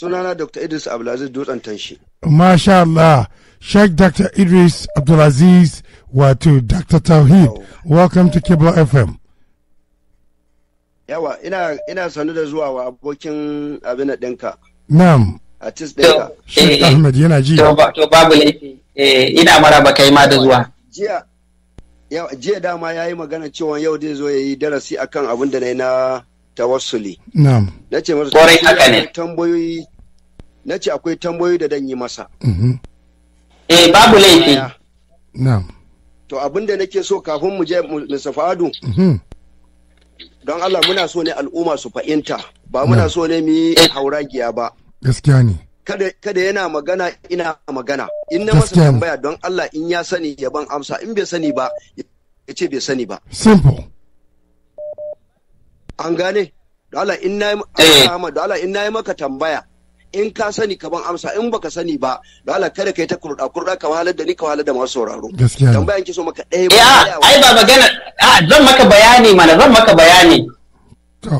sunana dr idris abdulaziz dutsen tanshi masha allah sheikh dr idris abdulaziz wato dr tawhid welcome to kibla fm yawa ina ina sanu da zuwa wa abokin abin ɗinka na'am artist ɗinka sheikh eh, ahmed yana ji to babu laifi eh, ina maraba kai ma da zuwa jiya jiya dama yayi magana cewa yau zai zo yayi darasi akan abin da na tawassuli na'am nace masa kwarai haka ne tambayoyi nace akwai tambayoyi da dan yi masa mm-hmm. eh babu laifi na'am to abinda nake so kafin mu je Fadu, mm-hmm. don Allah muna so ne al'umma su fahimta ba muna so ne mu yi eh. hauragiya ba gaskiya ne kada yana magana ina magana in na masa tambaya don Allah in ya sani ya ban amsa in bai sani ba ya ce bai sani ba simple an gane da eh. in na yi maka tambaya in ka sani ka ban amsa in baka sani ba da kada kada kai ta kurda kurda ka wahalar da ni ka wahalar da masu sauraro tambayan ki so maka ɗaya ba eh, ah, ai ba magana a ah, zan maka bayani mana zan maka bayani to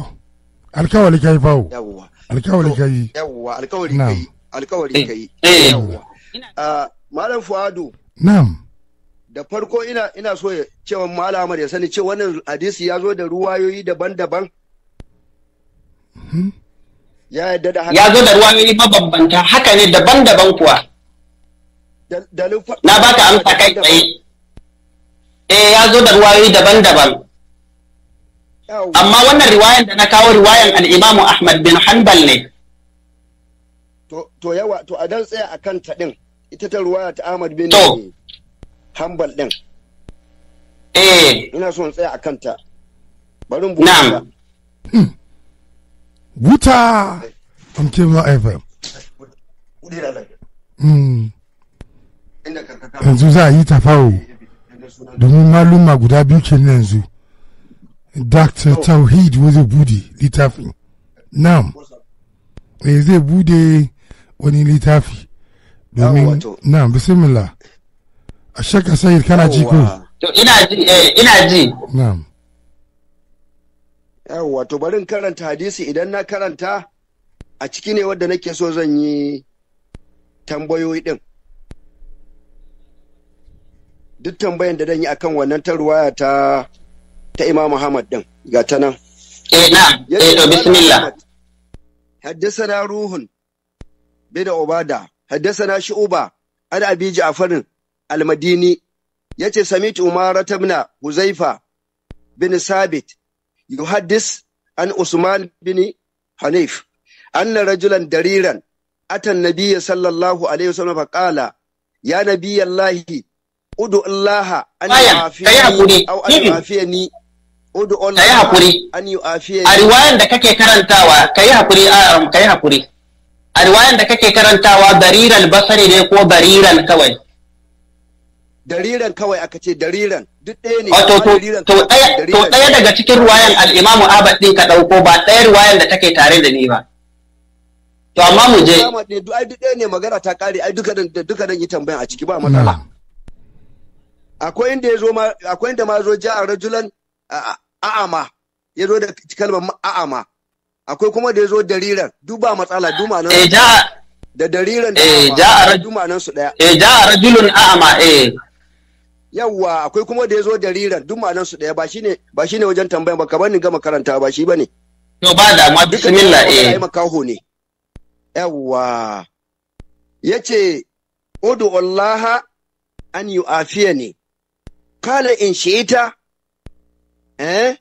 alkawari kai fawo yawwa alkawari kai yawwa alkawari kai alkawari kai eh, yawwa ah, malam fuadu na'am da farko ina ina so cewa malamar ya sani ce wannan hadisi ya zo da ruwayoyi daban-daban hmm? ya yadda da haka ya zo da ruwayoyi mabambanta haka ne daban-daban kuwa na baka amsa kai tsaye eh ya zo da ruwayoyi daban-daban amma wannan riwayan da na kawo riwayan al-Imam Ahmad bin Hanbal ne to yawa to a dan tsaya akan ta din ita ta ruwaya ta Ahmad bin to hambal ɗin. Eh. Ina son tsaya a kanta. Barin buta. Na'am. Buta. Amke ma FM. Yanzu za a yi tafawo domin maluma guda biyu ke yanzu. Dr. Oh. Tauhid wazo bude litafi. na. Me zai bude eh, wani littafi. Domin, na bismillah. a shakka sayir kana ji ko to ina ji eh ina ji na'am yawa to barin karanta hadisi idan na karanta a ciki ne wadda nake so zan yi tambayoyi din duk tambayan da zan yi akan wannan ta ruwaya ta ta Imam Muhammad din ga ta nan eh na'am eh to bismillah حدثنا روح بن عبادة حدثنا شعوبة عن abi جعفر almadini ya ce samit umara tabna huzaifa bin sabit yuhaddis an usman bin hanif anna rajulan dariran atan nabiyya sallallahu alaihi wasallam faqala ya nabiyallahi udu allah an yu'afiyani aw an ni udu allah hakuri an yu'afiyani a riwayan da kake karantawa kai hakuri um, kai hakuri a riwayan da kake karantawa dariral basari ne ko dariran kawai dariran kawai aka ce dariran duk ɗaya ne to to ɗaya daga cikin ruwayan al'imamu abad ɗin ka ɗauko ba ɗaya ruwayan da take tare da ni ba to amma mu je duk ai duk ɗaya ne magana ta ƙare ai duka dan duka dan yi tambaya a ciki ba matsala akwai inda yazo ma akwai inda ma zo ja a rajulan a'ama yazo da kalmar a'ama akwai kuma da yazo dariran duk ba matsala duk ma nan eh, da dariran da eh, ja a rajulan su daya eh ja'a rajulun a'ama eh yawwa akwai kuma da ya zo da riran duk ma'anan su ɗaya ba shine ba shine wajen tambayan ba ka bani gama karanta ba shi bane to ba da ma bismillah eh ai makaho ne yawwa yace udu Allah an yu'afiyani Kala in shi'ita eh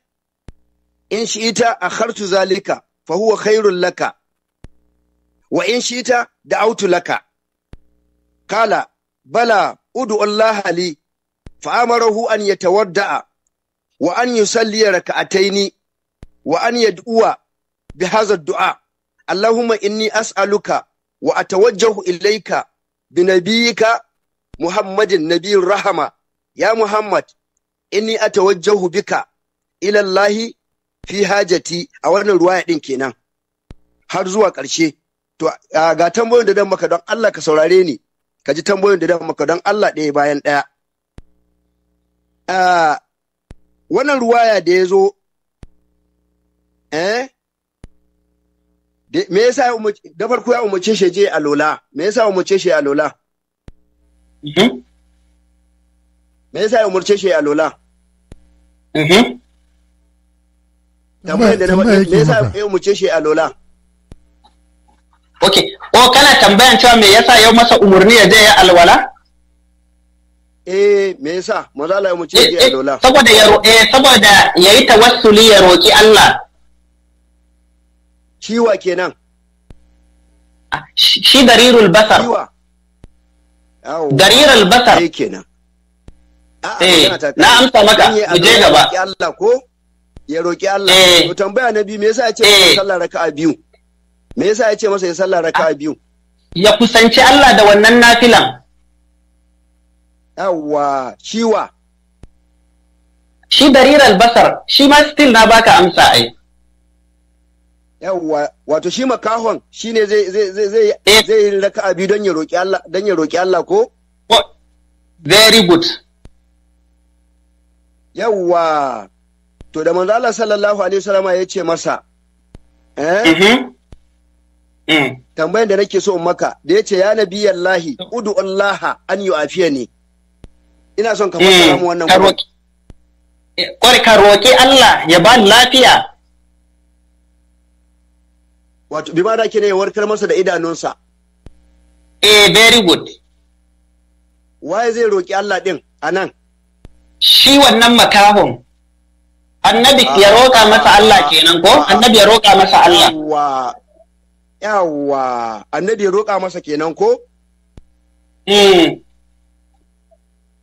in shi'ita akhartu zalika fa huwa khairul laka wa in shi'ita da'autu laka kala bala udu Allah li fa'amarahu an ya tawadda'a wa an yi salliyar ka'ataini wa an ya du'uwa bi hazar du'a Allahumma inni as'aluka wa a tawajjahu ilaika bi ka Muhammadin nabiyin rahama ya Muhammad ni a tawajjahu bika ilallahi fi hajati a wannan ruwaya ɗin kenan har zuwa ƙarshe to ga tambayoyin da dan maka don Allah ka saurare ni ka ji tambayoyin da dan maka don Allah ɗaya bayan ɗaya uh, wannan ruwaya da ya zo eh me yasa ya umarci da farko ya umarce shi je a lola me yasa ya umarce shi a lola mm-hmm. me yasa ya umarce shi a lola mm-hmm. me yasa ya umarce shi a lola okay o kana tambayan cewa me yasa ya masa umarni ya je ya alwala eh me yasa maza la mu ce ya eh, eh, lola saboda ya roƙe eh, saboda yayi tawassuli ya roƙi Allah ciwa kenan ah, shi darirul basar ciwa darirul basar eh kenan eh na amsa maka mu je gaba ya Allah ko ya roƙi Allah to tambaya na biyu me yasa ya ce masa sallah raka'a biyu me yasa ya ce masa ya sallah raka'a ah. biyu ya kusanci Allah da wannan nafilan yawa shiwa shi darir albasar shi ma still na baka amsa ai yawa wato shi makahon shi ne zai zai zai zai eh. yi raka'a biyu don ya roki Allah don ya roki Allah ko oh, very good yawa to da manzo Allah sallallahu alaihi wasallama ya ce masa eh mm-hmm. mm. tambayar da nake so in maka da ya ce ya nabi Yallahi, udu Allah an yu'afiya ne ina son ka eh, fara mu wannan kwari eh, ka roƙi Allah ya ba lafiya wato bi ma da ke ne ya warkar masa da idanunsa eh very good waye zai roƙi Allah din anan shi wannan makahon ah, ah, ah, annabi ya roƙa masa Allah kenan ko annabi ya roƙa masa Allah wa yawa annabi ya roƙa masa kenan ko eh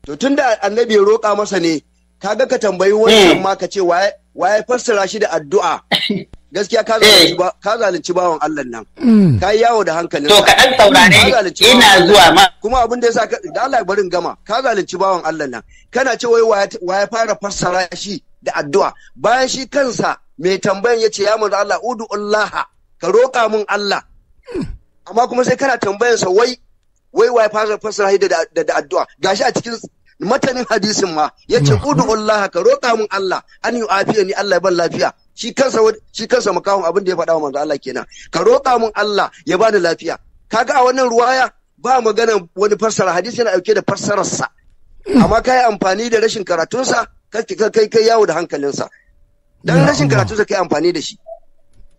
to tun da annabi ya roƙa masa ne kaga ka tambayi wannan eh. ma ka ce waye fassara shi da addu'a gaskiya eh. ka zalunci bawan Allah nan mm. ka yi yawo da hankalin to ka dan saurare ina zuwa ma kuma abin da yasa da Allah barin gama ka zalunci bawan Allah nan kana ce wai waye fara fassara shi da addu'a bayan shi kansa mai tambayan ya ce ya manzo Allah udu Allah ka roƙa min Allah hmm. amma kuma sai kana tambayan sa wai wai wai fara fasara da da addu'a gashi a cikin matanin hadisin ma yace mm. udu Allah ka roƙa mun Allah an yi afiya ni Allah ya ban lafiya shi kansa shi kansa makahun abin da ya faɗa wa manzo Allah kenan ka roƙa mun Allah ya bani lafiya kaga a wannan ruwaya ba magana wani fassara hadisi yana ɗauke da fassararsa amma kai amfani da rashin karatunsa kai kai kai yawo da hankalinsa dan rashin karatunsa kai amfani da shi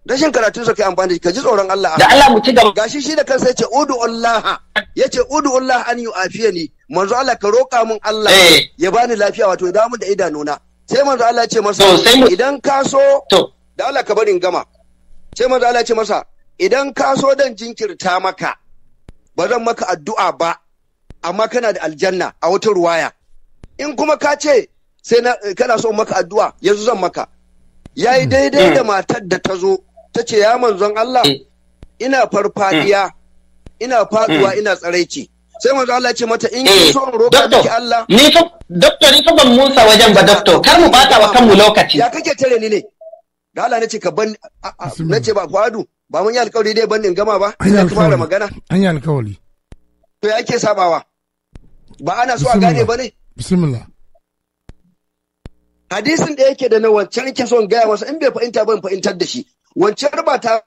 rashin karatu sa kai amfani ka ji tsoron Allah da Allah mu ci gaba gashi shi da kansa yace udu Allah yace udu Allah an yu'afiyani manzo Allah ka roƙa mun Allah eh. ya bani lafiya wato idan mun da idanuna sai manzo Allah yace masa idan ka so da Allah ka barin gama sai manzo Allah yace masa idan ka so dan jinkirta maka ba zan maka addu'a ba amma kana da aljanna a wata ruwaya in kuma ka ce sai kana so maka addu'a yanzu zan maka yayi hmm. daidai da hmm. matar da ta zo ta ce ya manzon Allah eh. ina farfadiya hmm. ina faduwa hmm. ina tsaraici sai manzon Allah ce mata in kin eh, so in roka miki Allah ni fa doctor ni fa ban musa wajen ba doctor kar mu bata wa kanmu lokaci ya kake tare ni ne da Allah nace ka ban nace ba fadu ba mun yi alƙawari dai ban in gama ba ina ka fara magana an yi alƙawari to ya ke sabawa ba ana so a gane ba ne bismillah hadisin da yake da na wancan so son gaya masa in bai fahimta ban fahimtar da shi wancan ba ta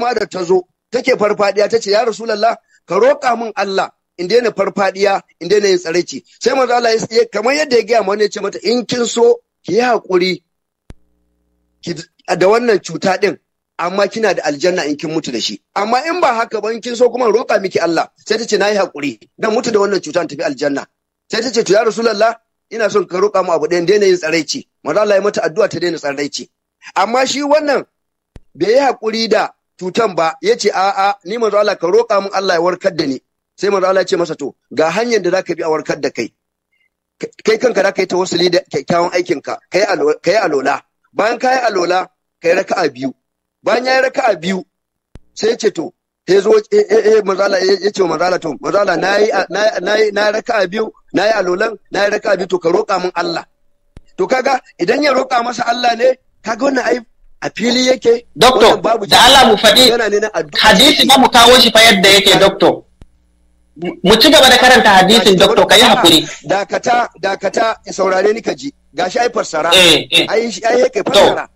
ma da ta zo take farfadiya ta ce ya rasulullah ka roƙa min Allah in daina farfadiya in daina yin tsaraici sai manzo Allah ya kamar yadda ya gaya mana ya ce mata in kin so ki yi hakuri da wannan cuta din amma kina da aljanna in kin mutu da shi amma in ba haka ba in kin so kuma roƙa miki Allah sai ta ce nayi hakuri dan mutu da wannan cuta in tafi aljanna sai ta ce to ya rasulullah ina son ka roƙa mu abu ɗayan daina yin tsaraici manzo Allah ya mata addu'a ta daina tsaraici amma shi wannan bai yi haƙuri da cutan ba ya ce a'a ni manzo Allah ka roƙa min Allah ya warkar da ni sai manzo Allah ya ce masa to ga hanyar da zaka bi a warkar da kai kai kanka ka yi tawassuli da kyakkyawan aikin ka kai kai alola bayan kai alola kai raka'a biyu bayan yayi raka'a biyu sai ya ce to ya zo eh manzo Allah ya ce manzo Allah to manzo Allah nayi nayi na raka'a biyu nayi alolan nayi raka'a biyu to ka roƙa min Allah to kaga idan ya roƙa masa Allah ne kaga wannan ai a fili yake doctor da Allah mu faɗi hadisi ba mu kawo shi fa yadda yake doctor mu ci gaba da karanta hadisin doctor kai hakuri dakata dakata saurare ni ka ji gashi ai farsara eh, eh. ai ai yake farsara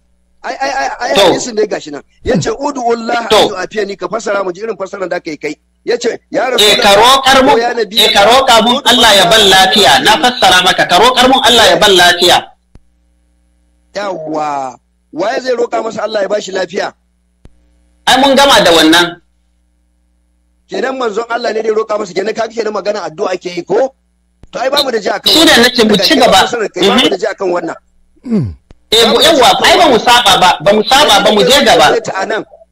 ai ai ai hadisin ne gashi nan yace udu a ayu ni ka fassara mu ji irin fassaran da kai kai yace ya rasu eh ka roƙar mu eh ka roƙa mu Allah ya ban lafiya na fassara maka ka roƙar mu Allah ya ban lafiya yawa waye zai roƙa masa Allah ya bashi lafiya ai mun gama da wannan kenan manzon Allah ne zai roƙa masa kenan kike kenan magana addu'a ke yi ko to ai bamu da ji akan sunan nace mu ci gaba bamu da ji akan wannan mhm. eh yawa ai ba mu saba ba ba mu saba ba mu je gaba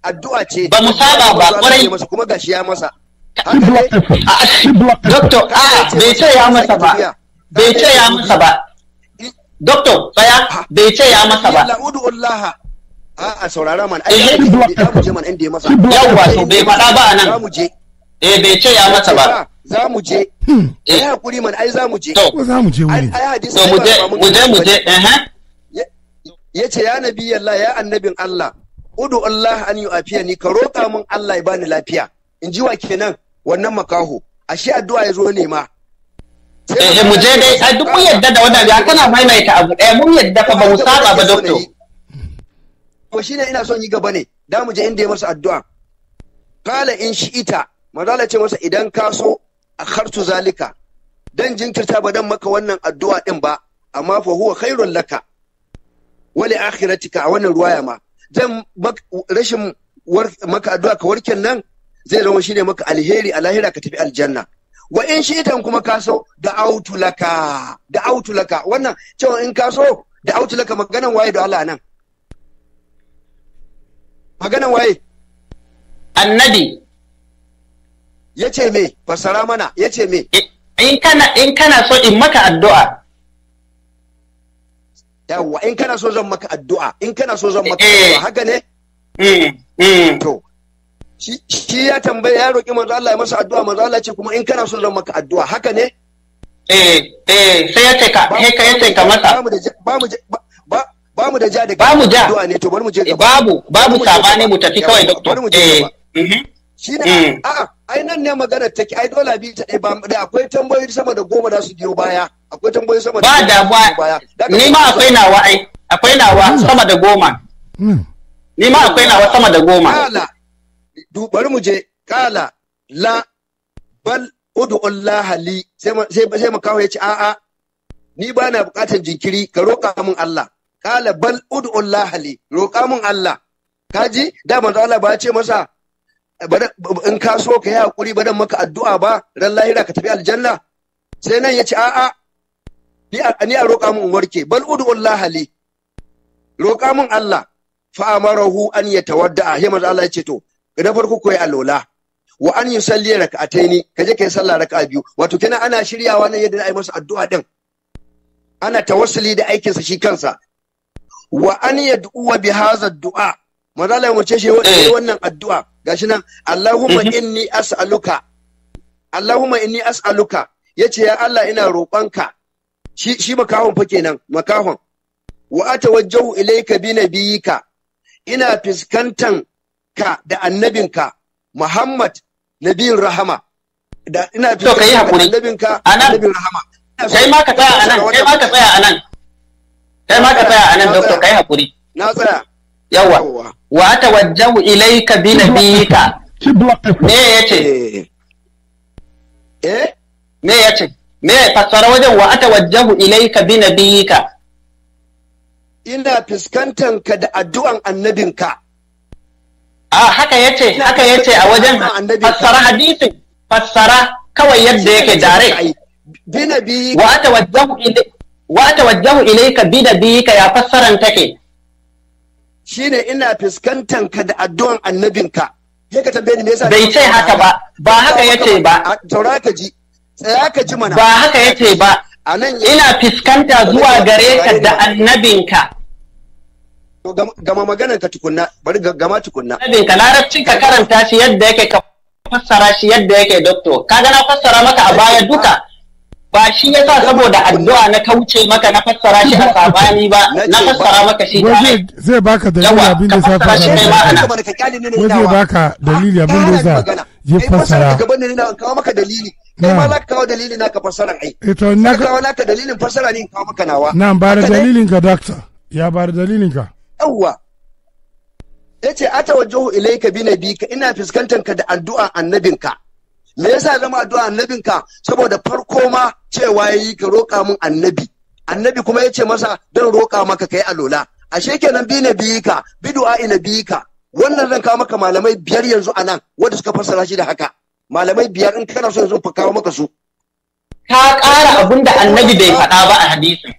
addu'a ce ba mu saba ba kwarai kuma gashi ya masa ah, ah, Doctor, a ah, bai ce ya masa ba, bai ce ya masa ba, Doktor, tsaya bai ce ya masa ba. La'udu Allah. to bai faɗa ba a nan. Za eh, bai ce ya masa ba. Hmm. To, za mu je Ya ce, ya nabi Allah, ya annabin Allah. Udu Allah an yi afiya ni, ka roƙa mun Allah ya bani lafiya. In ji wa kenan wannan makaho. Ashe addu'a ya zo nema. Eh mu je dai ai duk mun yadda da wannan ya kana maimaita abu ɗaya mun yadda fa ba mu saba ba doctor. To shine ina son yi gaba ne da mu je inda ya masa addu'a. Kala in shi'ita manzala ce masa idan ka so a hartu zalika dan jinkirta ba dan maka wannan addu'a din ba amma fa huwa khairul laka wali akhiratika a wannan ruwaya ma zan rashin maka addu'a ka warken nan zai zama shine maka alheri a lahira ka tafi aljanna wa in tan kuma ka so da autulaka da autulaka wannan cewa in ka so da autulaka maganan waye da Allah nan maganan waye annabi yace me fasara mana yace me in kana in kana so in maka addu'a yawa in kana so zan maka addu'a in kana so zan maka eh. addu'a haka ne mm, mm. to shi ya tambaye ya roƙi manzo Allah ya masa addu'a manzo Allah ce kuma in kana son zan maka addu'a haka ne eh eh sai ya ce ka he ka yace ka masa ba mu da ba mu ba ba mu da ja da ba mu da addu'a ne to bari mu je gaba babu babu sabani mu tafi kawai doctor eh mhm. shi ne a ah, eh. a ah, ai nan ne magana take ai dole bi ta eh, ba da akwai tambayoyi sama da goma da su biyo baya akwai tambayoyi sama da ba da ba ni ma akwai nawa ai akwai nawa sama da goma hmm. ni ma akwai nawa sama da goma Allah bari mu je kala la bal udu'un lahali. sai sai makaho ya ci a'a ni ba na bukatar jinkiri ka roƙa mun Allah kala bal udu'un lahali. roƙa mun Allah kaji da manzo Allah ba ce masa in ka so ka yi hakuri ba dan maka addu'a ba ran lahira ka tafi aljanna sai nan ya ci a'a ni a roƙa mun warke bal udu'un lahali. roƙa mun Allah fa amarahu an yatawadda ya Allah ya ce to na farko ko ya alola wa an ka je kaje kai sallah raka'a biyu wato kenan ana shiryawa ne yadda za a yi masa addu'a din ana tawassuli da aikinsa shi kansa wa an yad'uwa bi hadha du'a maza la yace shi eh. wannan addu'a gashi nan Allahumma mm-hmm. inni as'aluka Allahumma inni as'aluka yace ya Allah ina roƙonka shi shi makahon fa kenan makahon wa atawajjahu ilayka bi nabiyyika ina fiskantan ka da annabinka Muhammad nabiyin rahama da ina ka yi hakuri annabinka annabin rahama kai ma ka tsaya anan kai ma ka tsaya anan kai ma ka tsaya anan doctor kai hakuri na tsaya yawa wa atawajjahu ilayka bi nabiyika me yace eh. eh me yace me fassara wajen wa atawajjahu ilayka bi nabiyika ina fiskantanka da addu'an annabinka haka yace haka yace a wajen fassara hadisin fassara kawai yadda yake dare binabi wa atawajjahu ilayka wa atawajjahu ilayka bidabika ya fassaran take shine ina fuskantan ka da addu'an annabinka yake ka tambaye ni me yasa bai ce haka ba ba haka yace ba taura ka ji tsaya ka ji mana ba haka yace ba ina fuskanta zuwa gare ka da annabinka gama maganar ka tukunna bari gama tukunna abin ka larabcin ka karanta shi yadda yake ka fassara shi yadda yake doctor ga na fassara maka a baya duka ba shi ya sa saboda addu'a na kauce maka na fassara shi a sabani ba na fassara maka shi tare zai baka dalili abin da sa fassara shi ko zai baka dalili abin da sa ya fassara gaban ne na kawo maka dalili kai ma za ka kawo dalilin naka fassara ai eh, to na kawo naka dalilin fassara ne kawo maka nawa na ba da dalilin ka doctor ya ba da dalilin ka yawwa yace ilai ka bi ka, ina fuskantar ka da addu'a annabinka me yasa zama addu'a annabinka saboda farko ma cewa yayi ka roƙa min annabi annabi kuma ya ce masa dan roƙa maka kai alola ashe kenan bi nabika bi du'a ka. wannan zan kawo maka malamai biyar yanzu a nan wanda suka fassara shi da haka malamai biyar in kana so yanzu fa kawo maka su ka ƙara abin da annabi bai faɗa ba a hadisi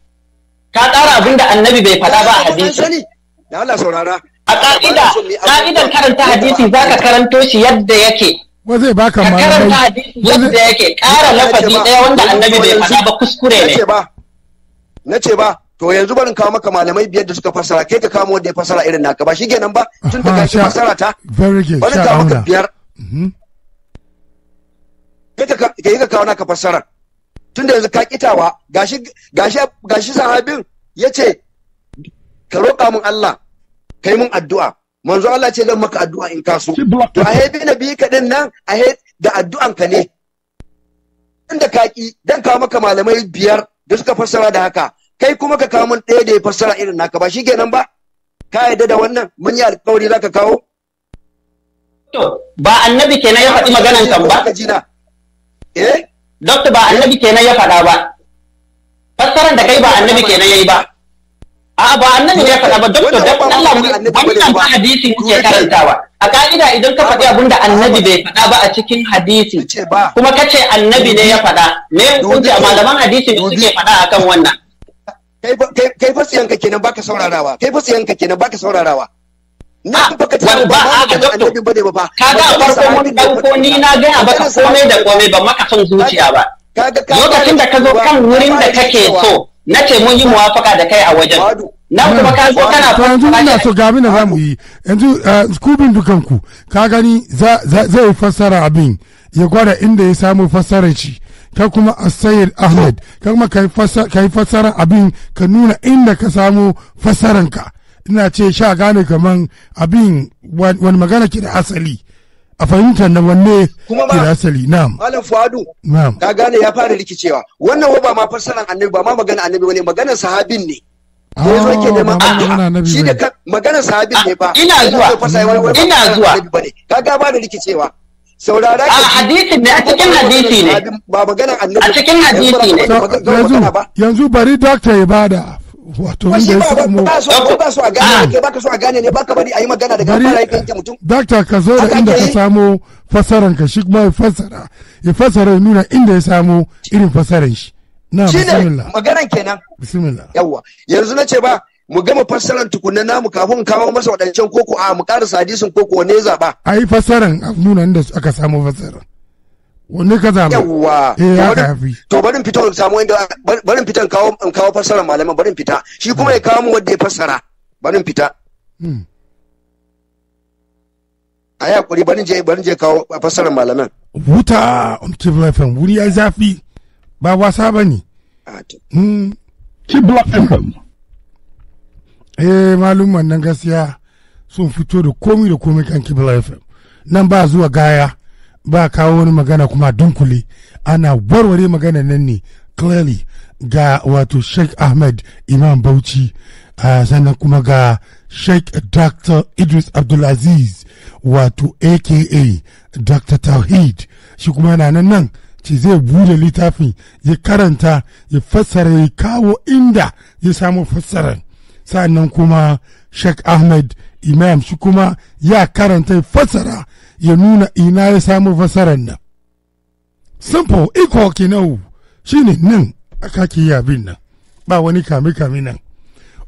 ka ƙara bai faɗa a da Allah saurara a ka'ida ka'idan karanta hadisi zaka karanto shi yadda yake ba zai baka ma karanta hadisi yadda yake ƙara lafazi ɗaya wanda annabi bai faɗa ba kuskure ne na ce ba to yanzu barin kawo maka malamai biyar da suka fasara, kai ka kama wanda ya fasara irin naka ba shi kenan ba tun da kashi ah, fasara ta barin kawo maka biyar mm-hmm. ka yi ka kawo naka fasara tun da yanzu ka kitawa gashi gashi gashi sahabin ya ce ka roƙa mun Allah ka yi mun addu'a manzo Allah ce zan maka addu'a in ka so to a hebe na biyu ka din nan a da addu'an ka ne inda ka ki dan kawo maka malamai biyar da suka fassara da haka kai kuma ka kawo mun ɗaya da ya fassara irin naka ba shikenan ba ka yadda da wannan mun yi alƙawari zaka kawo to ba annabi kenan ya faɗi maganan kan ba eh doctor ba annabi kenan ya faɗa ba fassaran da kai ba annabi kenan yayi ba A'a ba annabi ne ya faɗa ba don dan Allah wannan ba hadisi kuke karantawa. A ka'ida idan ka faɗi abin da annabi bai faɗa ba a cikin hadisi kuma ka ce annabi ne ya faɗa me kunce a malaman hadisi ne suke faɗa akan wannan. Kai fa tsiyanka kenan baka saurarawa. Kai fa tsiyanka kenan baka saurarawa. Na ah, ba ka tsaya ba a ga annabi bane ba a farko mun dauko ni na gaya baka komai da komai ba maka son zuciya ba. Lokacin da ka zo kan wurin da kake so. na ce mun yi muwafaka da kai a wajen nan kuma ka zo kana fara yanzu ina so ga abin da za mu yi yanzu eh, kubin dukanku ka gani zai fassara abin ya gwada inda ya samu fassarar shi ka kuma asayid ahmed ka kuma ka yi fassara abin ka nuna inda ka samu fassaranka ina ce sha gane kaman abin wani magana ke da asali a fahimtar na wanne kirasali na'am malam fuadu na'am ka gane ya fara rikicewa wannan ba ma fassaran annabi ba ma magana annabi bane magana sahabin ne ah, ko ya da shi da maganar sahabin ne ba ah, ina zuwa ina zuwa kaga ba da rikicewa saurara a ah, hadisi ne a cikin hadisi ne ba annabi a cikin hadisi ne yanzu bari doctor ibada wato wanda ya samu ba ah! so a gane ne baka so a gane ne baka bari a yi magana daga fara yake yanke mutum dakta ka zo da inda ka samo fasaran ka shi kuma ya fasara ya fasara ya nuna inda ya samo irin fasaran shi na bismillah maganan kenan bismillah yawa yanzu na ce ba mu gama fassaran tukunna namu kafin kawo masa wadancan koko a mu karasa hadisin koko ne zaba a yi fassaran a nuna inda aka samo fassaran wanne ka zaɓa Yawwa, eh, to barin fito in samu inda barin fita in kawo in fassara malaman barin fita shi kuma ya kawo mu wanda ya fassara barin fita hmm. a ya kuri barin je barin je kawo fassara malaman wuta on umtibla fm wuri ya zafi ba wasa ba ne tibla hmm. fm eh malumman nan gaskiya sun fito da komi da komi kan kibla fm nan ba zuwa gaya ba kawo wani magana kuma dunkule ana warware magana nan ne clearly ga wato sheikh ahmed imam bauchi uh, sannan kuma ga sheikh dr idris abdulaziz wato aka dr tawhid shi kuma yana nan nan ce zai bude littafin ya karanta ya fassara ya kawo inda ya samu fassarar sannan kuma sheikh ahmed imam shi kuma ya karanta ya fassara ya nuna ina ya samu fasarar nan simple iko kinau shine nan aka ke abin nan ba wani kame-kame nan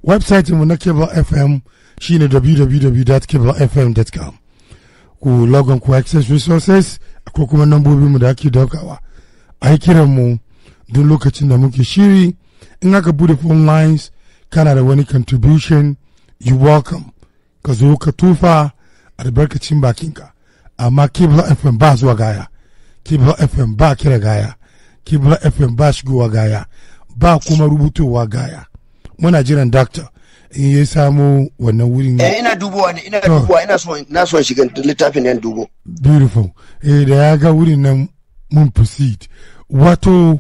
website mu na cable fm shine www.cablefm.com ku logon ku access resources ko kuma nambobin mu da ake daukawa a yi kiran mu duk lokacin da muke shiri in aka bude phone lines kana da wani contribution you welcome ka zo ka tufa albarkacin bakinka amma kibla fm ba zuwa gaya kibla fm ba kira gaya kibla fm ba shigowa gaya ba kuma rubutowa gaya muna jiran doctor in ya samu wannan wurin ya eh, ina dubowa ne ina dubowa ina so na so shiga littafin yan dubo beautiful eh da ya ga wurin nan mun proceed wato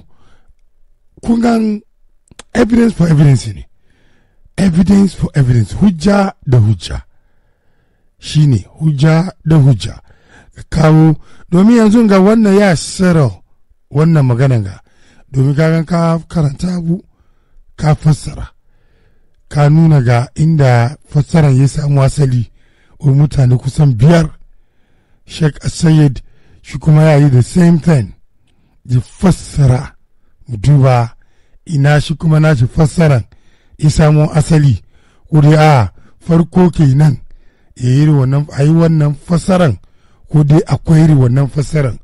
kun gan evidence for evidence ne evidence for evidence hujja da hujja shine hujja da hujja kawo domin yanzu ga wannan ya sero wannan maganan ga domin kagan ka karanta abu ka fassara ka nuna ga inda fassaran ya samu asali wa mutane kusan biyar sheikh asayid shi kuma ya yi the same thing ji fassara duba ina shi kuma nashi fassaran ya samu asali wuri a farko kenan ya yi wannan fassaran ko dai akwai iri wannan fassarar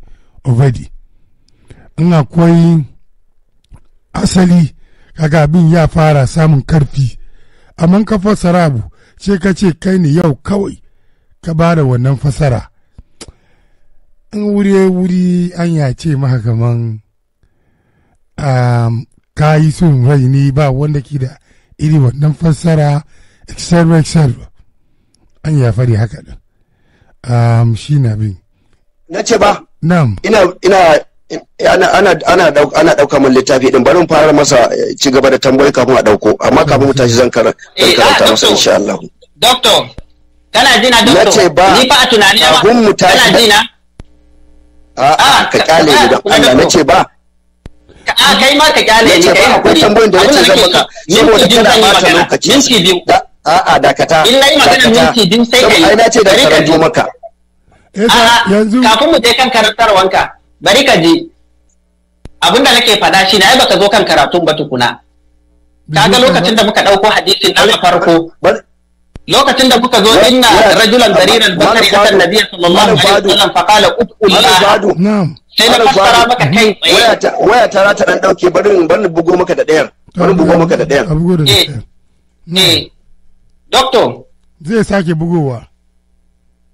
already in akwai asali kaga abin ya fara samun karfi amma ka fassara abu ce ka ce kai ne yau kawai ka ba da wannan fasara in wuri wuri an ce maka kaman um, ka yi sun rai ne ba wanda ke da iri wannan fassara etc etc an ya fari haka din um, shi na bin na ce ba ana ana dauka mun littafi din bari fara masa eh, ci gaba da tambayi kafin a dauko amma kafin mu tashi zan eh, karanta masa insha Allah doctor kana jina doctor ba ni fa a tunani ah, ka kyale ni don Allah nace ba a ah, kai ma ka kyale ni kai akwai tambayoyin da zan maka saboda kana ta lokaci a'a dakata in nayi magana minti biyu sai kai ai nace da karanto maka eh, yanzu kafin mu je kan karantarwanka bari ka ji abinda nake faɗa shi na ai baka zo kan karatun ba tukuna kaga lokacin da muka ɗauko hadisin nan na farko lokacin da kuka zo inna rajulan dariran bakari akan nabi sallallahu alaihi wasallam fa qala ud'ullah sai na fassara maka kai waya ta rata dan dauke bari bari bugo maka da ɗayan bari bugo maka da ɗayan eh doctor Zai sake bugowa.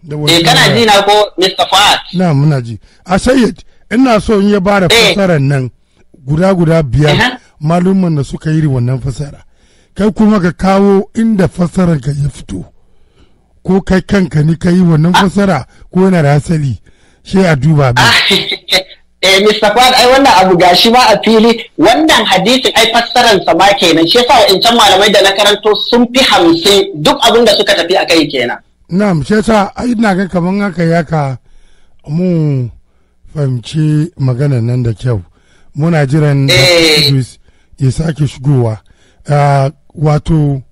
Da wani. Eh, kana ji na ko Mr. Fahad. Na muna ji. A Sayyid ina so in ya bada eh. fasarar nan guda guda biyar malumman da suka yi wannan fasara. Kai kuma ka kawo inda fasarar ka ya fito. Ko kai kanka ni ka yi wannan ah. fasara ko yana da asali. Sai a duba biyu. eh Mr. Fuad ai wannan abu gashi ma a fili wannan hadisin ai sa ma kenan shi yasa wa'ancan malamai da na karanto sun fi hamsin duk abin da suka tafi a akai kenan na'am shi yasa ai ina ga kaman haka ya ka mu fahimci magana nan da kyau muna jiran eh. ya sake shigowa ah, wato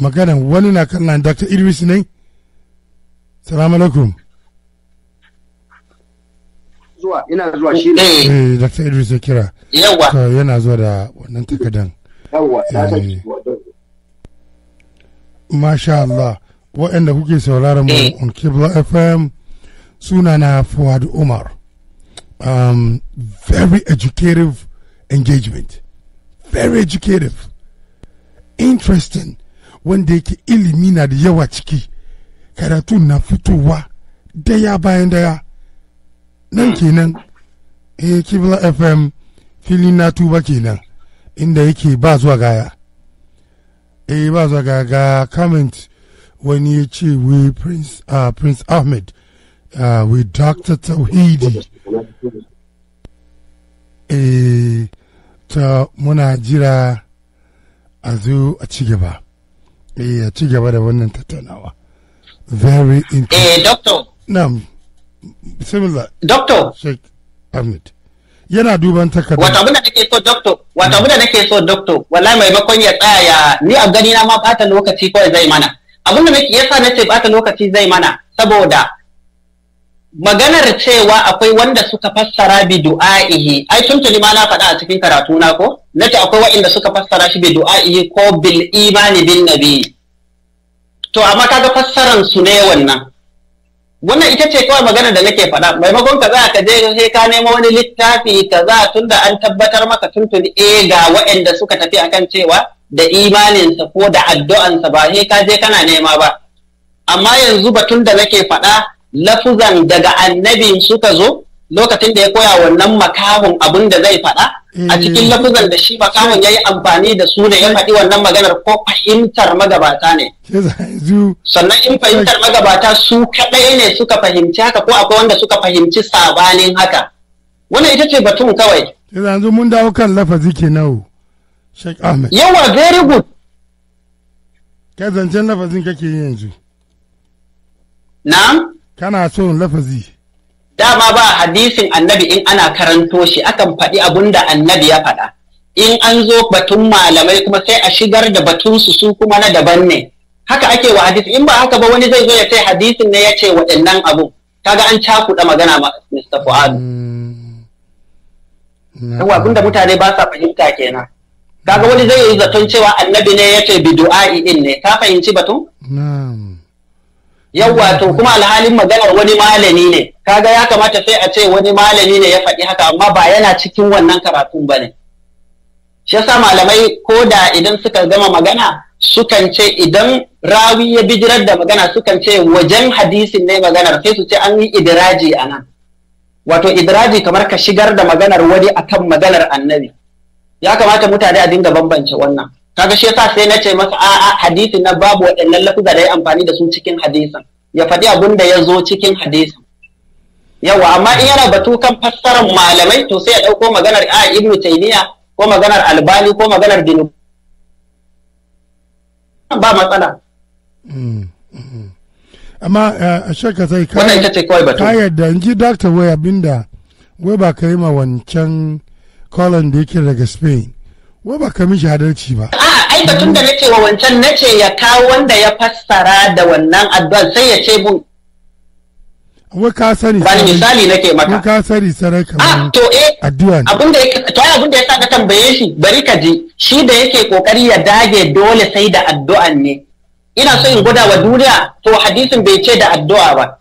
magana wani na kan Dr. Idris ne? Salamu alaikum. zuwa yana zuwa shi ne eh, eh Dr. Idris ya kira yawa yana zuwa da wannan takardan yawa eh. Masha Allah waɗanda kuke sauraron mu eh. on Kibla FM sunana Fuad Umar um, very educative engagement very educative interesting wanda yake ilimi na da yawa ciki karatu na fitowa daya bayan daya nan kenan eh kibla fm filin na tuba kenan inda yake ba zuwa gaya eh ba zuwa gaya ga comment wani ya ce we prince, uh, prince ahmed uh, we dr tauhidi eh ta muna jira a zo a ci gaba eh a ci gaba da wannan tattaunawa very eh, interesting eh doctor na'am similar doctor sheikh ahmed yana duban takarda wata abin da nake so doctor wata abin da nake so doctor wallahi maimakon ya tsaya ya ni a gani na ma bata lokaci ko zai mana abin da nake yasa nace bata lokaci zai mana saboda maganar cewa akwai wanda suka fassara bi du'a'ihi ai tuntuni ma na faɗa a cikin karatu na ko nace akwai waɗanda suka fassara shi bi du'a'ihi ko bil imani bin nabi to amma kaga fassaran su ne wannan wannan ita ce kawai magana da nake faɗa maimakon ka za ka je sai ka nemo wani littafi za tun da an tabbatar maka tuntun, e eh, ga waɗanda suka tafi akan cewa da imaninsa ko da addu'ansa ba sai ka je kana nema ba amma yanzu batun da nake faɗa lafuzan daga annabin suka zo lokacin da ya koya wannan makahun abin da zai faɗa a cikin eh. lafuzan da shi makaman ya yi amfani da su da ya faɗi wannan maganar ko fahimtar magabata ne. Sannan in fahimtar magabata su kaɗai ne suka fahimci haka ko akwai wanda suka fahimci sabanin haka. Wannan ita ce batun kawai. Yanzu mun dawo kan lafazi ke nawo. Sheikh Ahmed. Yawa very good. Ka zancen lafazin kake yanzu. na Kana so lafazi. dama ba hadisin annabi in ana karanto shi akan faɗi abun da annabi ya faɗa in an zo batun malamai kuma sai a shigar da batun su su kuma na daban ne haka ake wa hadisi in ba haka ba wani zai zo ya sai hadisin ne ya ce waɗannan abu kaga an cakuɗa magana ma Mr. Fuad hmm. yawa mutane ba sa fahimta kenan kaga wani zai yi zaton cewa annabi ne ya ce bidu'a'i din ne ka fahimci batun na'am yawwa to kuma alhalin maganar wani malami ne kaga ya kamata sai a ce wani malami ne ya faɗi haka amma ba yana cikin wannan karatun bane shi yasa malamai ko da idan suka gama magana sukan ce idan rawi ya bijirar da magana sukan ce wajen hadisin ne maganar sai su ce an yi idiraji a nan wato idiraji kamar ka shigar da maganar wani akan maganar annabi ya kamata mutane a dinga bambance wannan kaga shi yasa sai na ce masa a'a hadisi na babu waɗannan lafuza da ya amfani da su cikin hadisin ya faɗi abin da ya zo cikin hadisin yawa amma in yana batu kan fassarar malamai to sai ya ɗauko maganar a ibnu taymiya ko maganar albani ko maganar dinu ba matsala mm, mm. amma eh, a shakka sai ka yadda in ji dr wai abinda wai ba ka yi ma wancan kolon da yake daga spain wai ba ka mishi adalci ba. A ai batun da nake wa wancan nace ya kawo wanda ya fassara da wannan addu'a sai ya ce mun. Wai ka sani. Ba misali nake maka. Wai ka sani saraka. A to eh. Addu'a ne. Abin da to ai abin da ya sa ka tambaye shi bari ka ji shi da yake kokari ya dage dole sai da addu'a ne. Ina so in gwada wa duniya to hadisin bai ce da addu'a ba.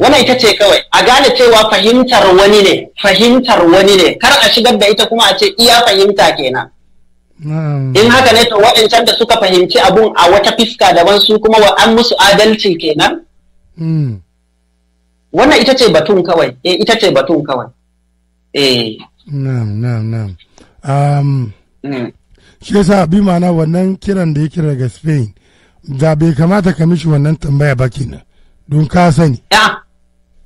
wannan ita ce kawai a gane cewa fahimtar wani ne fahimtar wani ne kar a shigar da ita kuma a ce iya fahimta kenan in haka ne to waɗancan da suka fahimci abun a wata fiska daban su kuma wa an musu adalci kenan hmm. wannan ita ce batun kawai eh ita ce batun kawai eh na'am na'am na'am um, hmm. shi yasa bi ma'ana wannan kiran da ya kira ga Spain da bai kamata ka mishi wannan tambaya ba kenan don ka sani.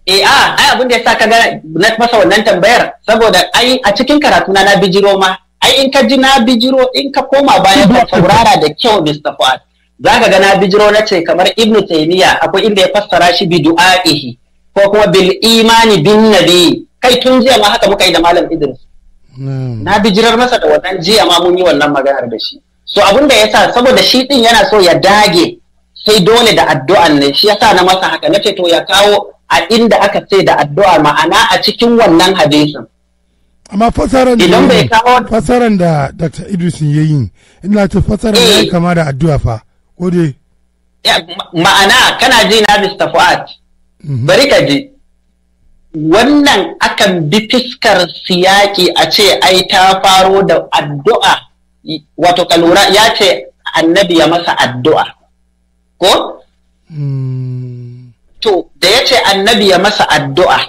Eh a ah, ai abin da yasa ka ga na masa wannan tambayar saboda ai a cikin karatuna na bijiro ma ai in ka ji na bijiro in ka koma bayan ka saurara da kyau Mr. Fuad zaka ga na bijiro na ce kamar Ibn Taymiyyah akwai inda ya fassara shi bi du'a'ihi ko kuma bil imani bin nabi kai tun jiya ma haka muka yi da malam Idris na bijirar masa da wannan jiya ma mun yi wannan maganar da shi so abin da yasa saboda shi din yana so ya dage sai dole da addu'an ne shi yasa na masa haka nace to ya kawo a inda aka ce da addu'a ma'ana a cikin wannan hadisin amma fasaran da idan bai kawo fasaran da Dr. Idris ya yi ina ta fasaran da ya eh. kama da addu'a fa ko dai ma'ana kana ji na Mr. Fuad mhm. bari ka ji wannan akan bi fiskar siyaki a ce ai ta faro da addu'a wato kalura ya ce annabi ya masa addu'a ko mm. to da ya ce annabi ya masa addu'a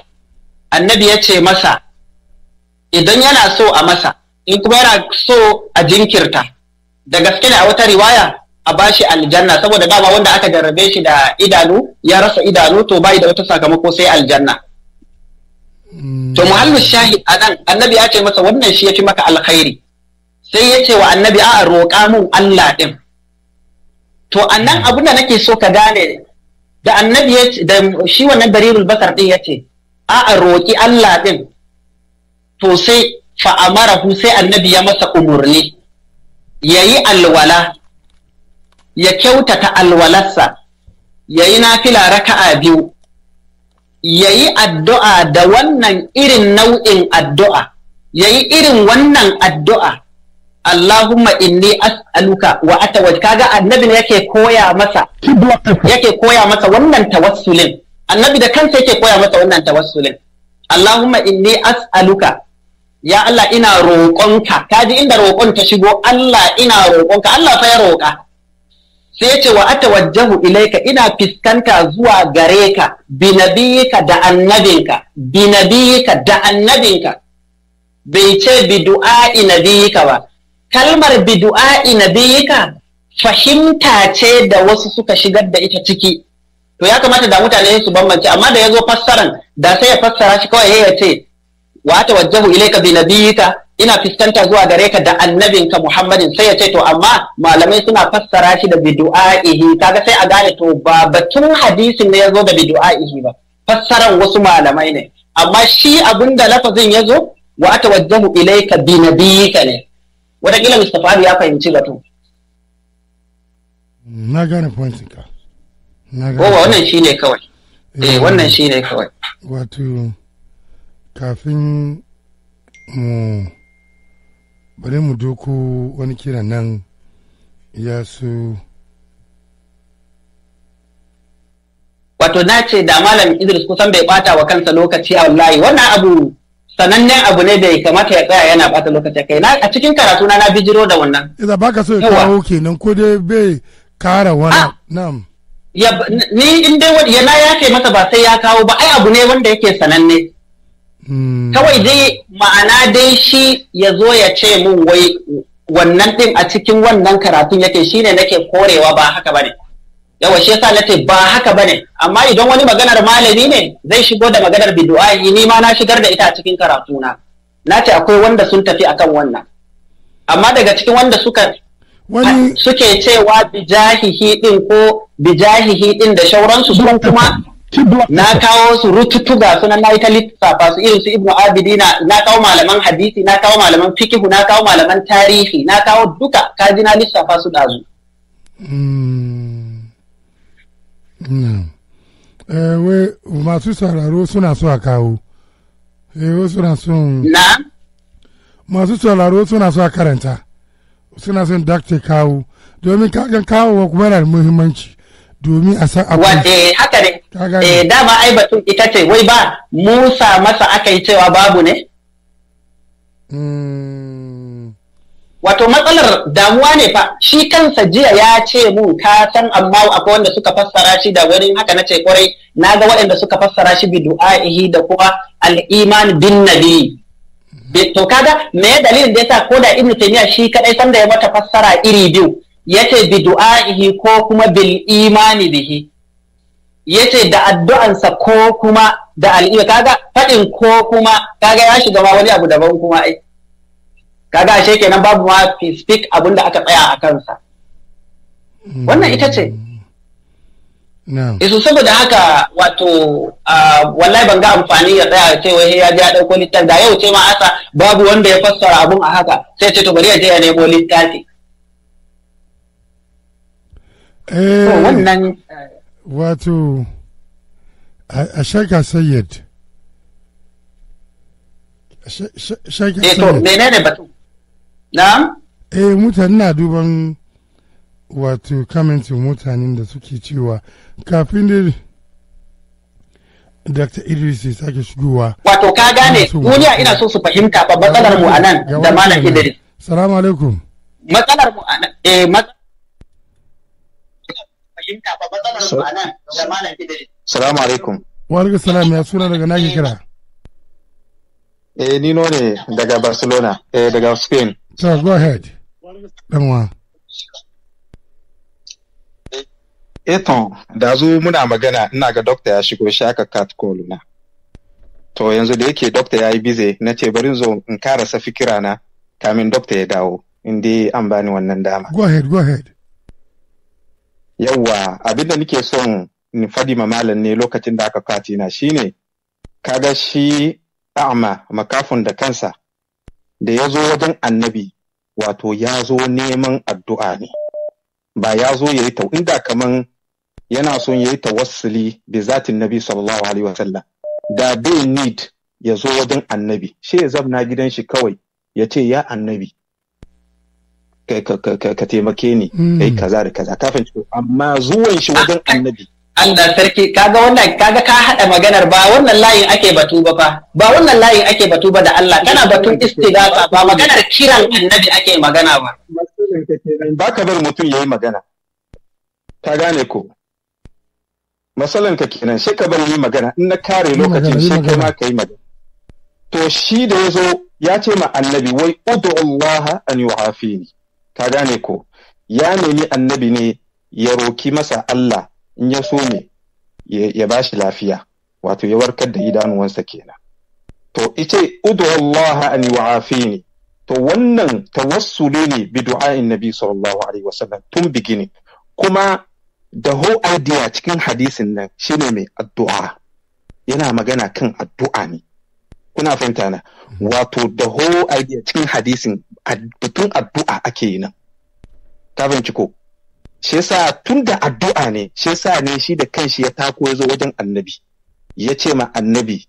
annabi ya ce masa idan yana so a masa in kuma yana so a jinkirta da gaske ne a wata riwaya a bashi aljanna saboda dama wanda aka jarrabe shi da idanu ya rasa idanu to bai da wata sakamako sai aljanna to muhallu shahid nan, annabi ya ce masa wannan shi ya fi maka alkhairi sai ya ce wa annabi a roƙa mun Allah din to annan abin da nake so ka gane da annabi ya ce da shi wannan darirul bakar din ya ce a a roƙi Allah din to sai fa'amarahu sai annabi ya masa umurni ya yi alwala ya kyautata alwalarsa ya yi nafila raka'a biyu ya yi addu'a da wannan irin nau'in addu'a ya yi irin wannan addu'a Allahumma inni as'aluka wa atawaj kaga annabi yake koya masa yake koya masa wannan tawassulin annabi da kansa yake koya masa wannan tawassulin Allahumma inni as'aluka ya Allah ina roƙonka kaji inda roƙon ta shigo Allah ina roƙonka Allah fa ya roƙa sai ya ce wa atawajjahu ilaika ina fiskanta zuwa gare ka bi nabiyyika da annabinka bi nabiyyika da annabinka bai ce bi du'a'i nabiyika ba kalmar bidu'a'i nabiyika fahimta ce da wasu suka shigar da ita ciki to ya kamata da mutane su bambance amma da ya zo fassaran da sai ya fassara shi kawai ya ce wa ta wajjahu ilayka bi nabiyika ina fiskanta zuwa gare ka da annabinka Muhammadin sai ya ce to amma malamai suna fassara shi da bidu'a'ihi kaga sai a gane to ba batun hadisin ne ya zo da bidu'a'ihi ba fassaran wasu malamai ne amma shi abinda lafazin ya zo wa ta wajjahu ilayka bi nabiyika ne wataƙila Mr. Fahad ya fahimci batu. Na gane pointinka. Na gane. wannan shi ne kawai. Eh, eh wannan shi ne kawai. Wato kafin mu bari mu doku wani kira nan ya su Wato na ce da Malam Idris kusan bai bata wa kansa lokaci a wallahi wannan abu sanannen abu ne da kamata ya tsaya yana bata lokaci kai na a cikin karatu na na bijiro da wannan idan baka so ya kawo kenan ko dai bai kara wani ah! na'am ya ni in dai wani, yana ya masa ba sai ya kawo ba ai abu ne wanda yake sananne hmm. kawai dai ma'ana dai shi ya zo ya ce mun wai wannan din a cikin wannan karatun yake shine nake korewa ba haka bane yawa shi yasa nace ba haka bane amma idan wani maganar malami ne zai shigo da maganar bidu'a'i ni ma na shigar da ita a cikin karatuna nace akwai wanda sun tafi akan wannan amma daga cikin wanda suka wani suke cewa bijahihi din ko bijahihi din da shauransu sun kuma na kawo su rututuga sunan na ita littafa su irin su ibnu abidi na kawo malaman hadisi na kawo malaman fikihu na kawo malaman tarihi na kawo duka kaji na lissafa su dazu hmm. Ewe, masu sauraro suna so e a kawo. Ewe suna son. Na? Masu sauraro suna so a karanta. Suna son dakta kawo. Domin kagan eh, kawo kuma na muhimmanci. Domin a san abu. wadda haka ne. Eh dama ai batun ita ce wai ba Musa masa aka yi cewa babu ne? Mm. wato matsalar damuwa ne fa shi kansa jiya ya ce mun ka san amma akwai wanda suka fassara shi da wani haka na ce kwarai na ga waɗanda suka fassara shi bi du'a'ihi da kuma al'iman bin nabi to kaga me dalilin da yasa ko da ibn taymiya shi kadai san da ya mata fassara iri biyu yace bi du'a'ihi ko kuma bil imani bihi yace da addu'ansa ko kuma da al'iba kaga faɗin ko kuma kaga ya shiga ma wani abu daban kuma ai kaga ashe kenan babu ma specific speak da aka tsaya a kansa wannan ita ce isu eh, saboda haka wato wallahi ban ga amfani ya tsaya ce wai ya ji ya dauko littafi da yau ce ma asa babu wanda ya fassara abun a haka sai ce to bari ya je ya nemo littafi eh, wannan eh. wato a shaka sayyid shaka sayyid eh to menene batun na'am eh mutane na duban wato kamentin mutanen da suke cewa kafin da Dr. Idris ya sake shigowa. Wato ka gane duniya ina so su fahimta ba matsalar mu a nan da Malam Idris. Salamu alaikum. Matsalar mu anan eh matsalar fahimta ba matsalar mu anan da Malam Idris. Salamu alaikum. Wa alaikum salam ya daga nake kira. Eh ni ne daga Barcelona eh daga Spain. So go ahead. Eton, da zo muna magana ina ga dokta ya shigo shaka cat call na. To yanzu da yake dokta ya yi bize na ce bari zo in sa fikira na kamin dokta ya dawo inda an bani wannan dama. Go ahead, go ahead. Yawwa, abinda nake son in fadi malam ne lokacin da aka kwati na shine kaga shi da'ama makafin da kansa da ya zo wajen annabi wato ya zo neman addu'a ne ba ya zo ya yi ta, inda kaman yana so ya yi ta wasili da zatin nabi sallallahu alaihi wasallam da bai need ya zo wajen annabi shi ya zamna gidan shi kawai ya ce ya annabi ka taimake ni kai hmm. kaza da kaza kafin amma zuwan shi wajen annabi Allah sarki kaga wannan kaga ka hada maganar ba wannan layin ake batu ba fa ba wannan layin ake batu ba da Allah kana batun istigafa ba maganar kiran annabi ake magana ba ba ka bar mutum yayi magana ka gane ko masalan ka kenan sai ka bar yayi magana in na kare lokacin sai kai ma kai magana to shi da yazo ya ce ma annabi wai ud'u Allah an yu'afini ka gane ko ya nemi annabi ne ya roki masa Allah in ya so ne ya ba shi lafiya wato ya warkar da idanuwansa kenan to ice udu Allah an to wannan tawassuli ne bi du'a'in nabi sallallahu alaihi wasallam tun bigini kuma the whole idea cikin hadisin nan shine mai addu'a yana magana kan addu'a ne kuna fahimta na hmm. wato the whole idea cikin hadisin batun addu'a ake yi nan ka ko shi yasa da addu'a ne shi yasa ne shi da kanshi ya tako ya zo wajen annabi ya ce ma annabi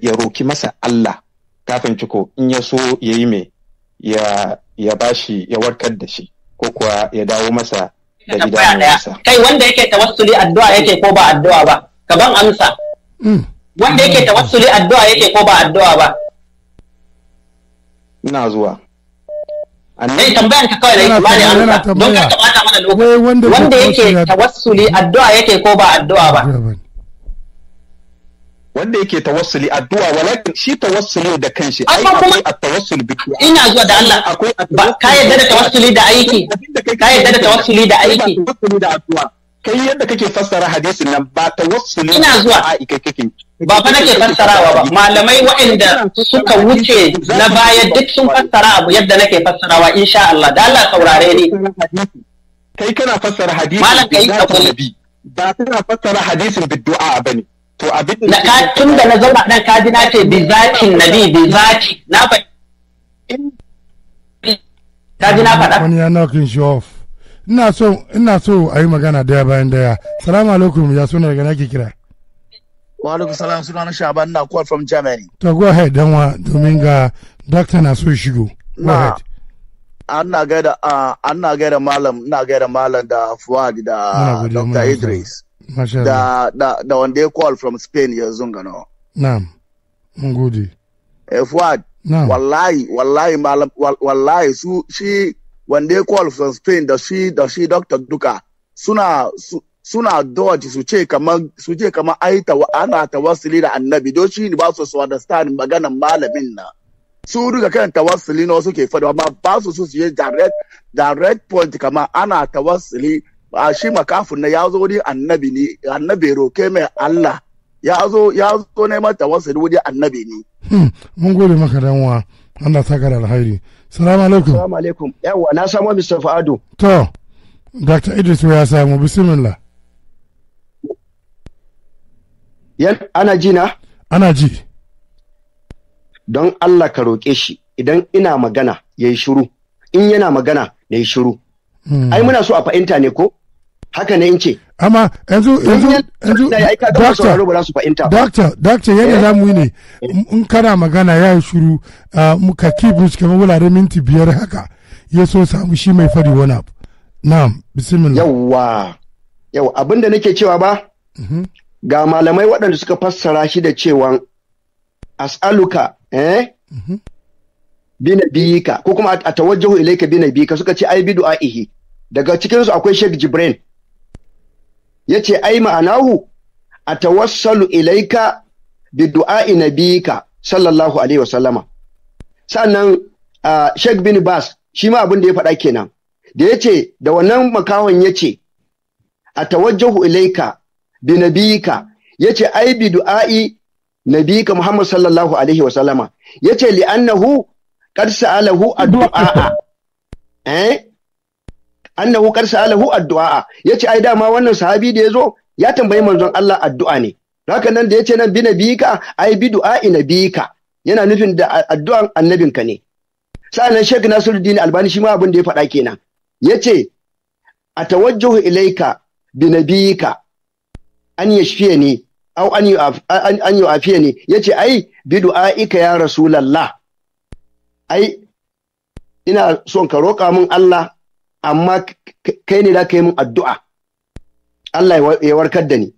ya roki masa Allah kafin ciko in ya so ya yi me ya bashi ya warkar da shi ko kuwa ya dawo masa da gida kai wanda yake tawassuli addu'a yake ko ba addu'a ba ka ban amsa mm. wanda yake tawassuli addu'a yake ko ba addu'a ba ina zuwa Dai tambayan ka kawai da ba ne amsa don ka bata mana lokaci. Wanda yake tawassuli addu'a yake ko ba addu'a ba. Wanda yake tawassuli addu'a walakin shi tawassuli da kanshi ai akwai at-tawassul bi ina zuwa da Allah akwai ka yadda da tawassuli da aiki ka yadda da tawassuli da aiki tawassuli da addu'a kai yadda kake fassara hadisin nan ba tawassuli ina zuwa aiki kake ba fa nake fassarawa ba malamai waɗanda suka wuce na baya duk sun fassara abu yadda nake fassarawa insha Allah da Allah saurare ni kai kana fassara hadisi malam kai hakuri ba kana fassara hadisin bid'a bane to abin da ka tun da na zauna dan ka ji na ce bi zatin nabi bi zati na ba ka ji na faɗa wani ya knocking shi off ina so ina so a yi magana daya bayan daya salamu alaikum ya suna daga nake kira Wa alaikum salam sunana Shaban na call from Germany. To go ahead dan wa domin ga doctor na so shigo. Go ahead. Ana gaida ana gaida malam na gaida malam da Fuad da Dr. Idris. Da da da wanda ya call from Spain yanzu gano. Na'am. Mun gode. Eh Fuad. Na'am. Wallahi wallahi malam wallahi su shi wanda ya call from Spain da shi da shi Dr. Duka suna suna dodge su ce kamar su je kamar ai ana tawassuli da annabi don shi ne ba su su understand maganar malamin na su duka kan tawassuli na suke faɗi amma ba su su yi direct direct point kamar ana tawassuli ba shi makafin na ya zo wurin annabi ne annabi roke mai Allah ya zo ya zo neman tawassuli wurin annabi ne hmm, mun gode maka wa Allah saka da alhairi assalamu alaikum assalamu alaikum yawa na samu Mr. Fa'adu to Dr. Idris ya samu bismillah ana ji na? Ana ji. Don Allah ka roƙe shi idan ina magana ya yi shiru, in yana magana ya yi shiru. Hmm. Ai muna so a fahimta ne ko? Haka ne in ce. Amma yanzu yanzu yanzu doctor doctor doctor yadda eh. za mu yi ne eh. in kana magana ya yi shiru muka kibus kamar wulare minti biyar haka ya so samu shi mai fari wani abu. Na'am bismillah. Yawwa. Yawwa abinda nake cewa ba. Mhm. ga malamai waɗanda suka fassara shi da cewa as'aluka eh mhm. binabiyika ko kuma a tawajjahu ilayka binabiyika suka ce ai aihi daga cikin su akwai Sheikh Jibrin yace ai ma'anahu atawassalu ilayka du'a'i nabiyika sallallahu alaihi wasallama sannan uh, Sheikh bin Bas shi ma abin da ya faɗa kenan da yace da wannan makahon yace tawajjahu ilayka bi nabiyika yace ai bi du'ai nabiyika Muhammad sallallahu alaihi wa sallama yace li annahu qad sa'alahu addu'a eh annahu qad sa'alahu addu'a yace ai dama wannan sahabi da yazo ya tambayi manzon Allah addu'a ne haka nan da yace nan bi nabiyika ai bi du'ai nabiyika yana nufin da addu'an annabinka ne sa'annan Sheikh Nasiruddin Albani shi ma abin da ya faɗa kenan yace atawajjahu ilaika bi an yashfiya ne au an yi afiye ne ya ce ai bi ika ya rasulallah ai ina son ka roƙa mun Allah amma kai ne da ka yi min addu'a Allah ya warkar da ni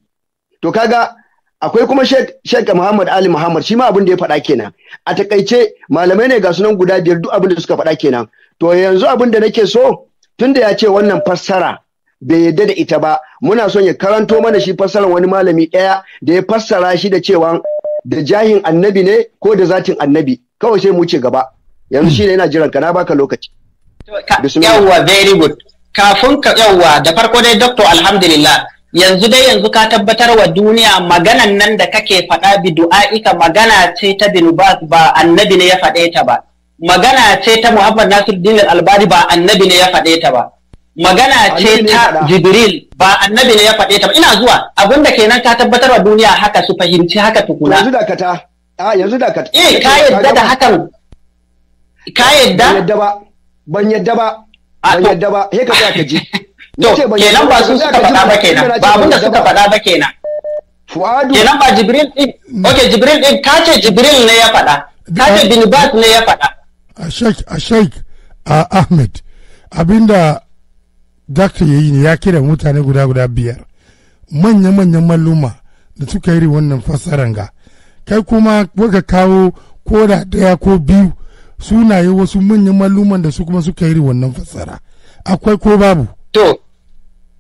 to kaga akwai kuma Sheikh Muhammad Ali Muhammad shi ma abin da ya faɗa kenan a takaice malamai ne ga sunan guda biyar duk abin da suka faɗa kenan to yanzu abin da nake so tunda ya ce wannan fassara bai yadda da ita ba muna son ya karanto mana shi fassarar wani malami ɗaya da ya fassara shi da cewa da jahin annabi ne ko da zatin annabi kawai sai mu ce gaba yanzu shi ne yana jiran ka na baka lokaci yawwa very good kafin ka yawwa da farko dai doctor alhamdulillah yanzu dai yanzu ka tabbatar wa duniya maganan nan da kake faɗa bi du'a'ika magana ce ta bin ba annabi ne ya faɗe ta ba magana ce ta Muhammad Nasiruddin dinar albani ba annabi ne ya faɗe ta ba magana ce ta Jibril ba annabi ne ya faɗe ta ba ina zuwa abinda kenan ka tabbatar wa duniya haka su fahimci haka tukuna yanzu da kata a yanzu da kata eh ka yadda da hakan ka yadda yadda ba ban yadda ba ban yadda ba he ka ta ka ji to kenan ba su suka faɗa ba kenan ba abinda suka faɗa ba kenan Fuadu kenan ba Jibril din okay Jibril din ka ce Jibril ne ya faɗa ka ce bin Bas ne ya faɗa A Ashek a Ahmed abinda dakta ya yi ne ya kira mutane guda guda biyar manya-manyan maluma da suka yi wannan fassaran ga kai kuma waka kawo ko da daya ko biyu sunaye wasu manyan malluman da su kuma suka yi wannan fassara akwai ko babu to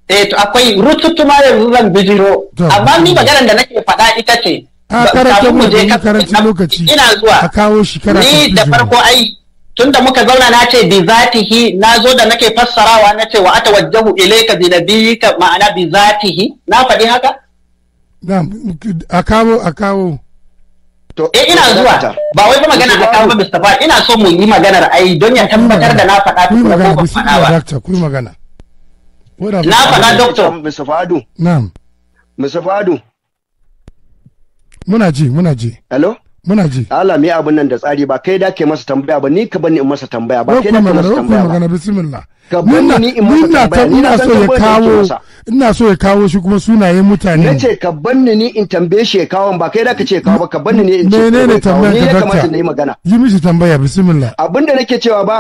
eh to akwai rututu ma yanzu zan bijiro amma ni maganar da nake faɗa ita ce a karanta mu je karanci lokaci ina zuwa a kawo shi karanta ni da farko ai tunda muka zauna na ce bi zatihi na zo da nake fassarawa na ce wa wajjahu ilayka bi nabiyyika ma'ana bi zatihi na faɗi haka na'am a kawo a kawo to eh ina zuwa ba wai ba magana a kawo ba Mustapha ina so mu yi maganar ai don ya tabbatar da na faɗa ku magana ku faɗa doctor ku magana na faɗa doctor Mustapha Ado na'am Mustapha Ado muna ji muna ji hello muna ji Allah mai abin nan da tsari ba kai da ke masa tambaya ba ni ka bani in masa tambaya ba kai da ke masa tambaya ba magana bismillah ka bani ni in masa tambaya ina so ya kawo ina so ya kawo shi kuma sunayen mutane ce ka bani ni in tambaye shi ya kawo ba kai da ka ce kawo ba ka bani ni in ce menene tambayar ka ya kamata na yi magana yi mishi tambaya bismillah abin da nake cewa ba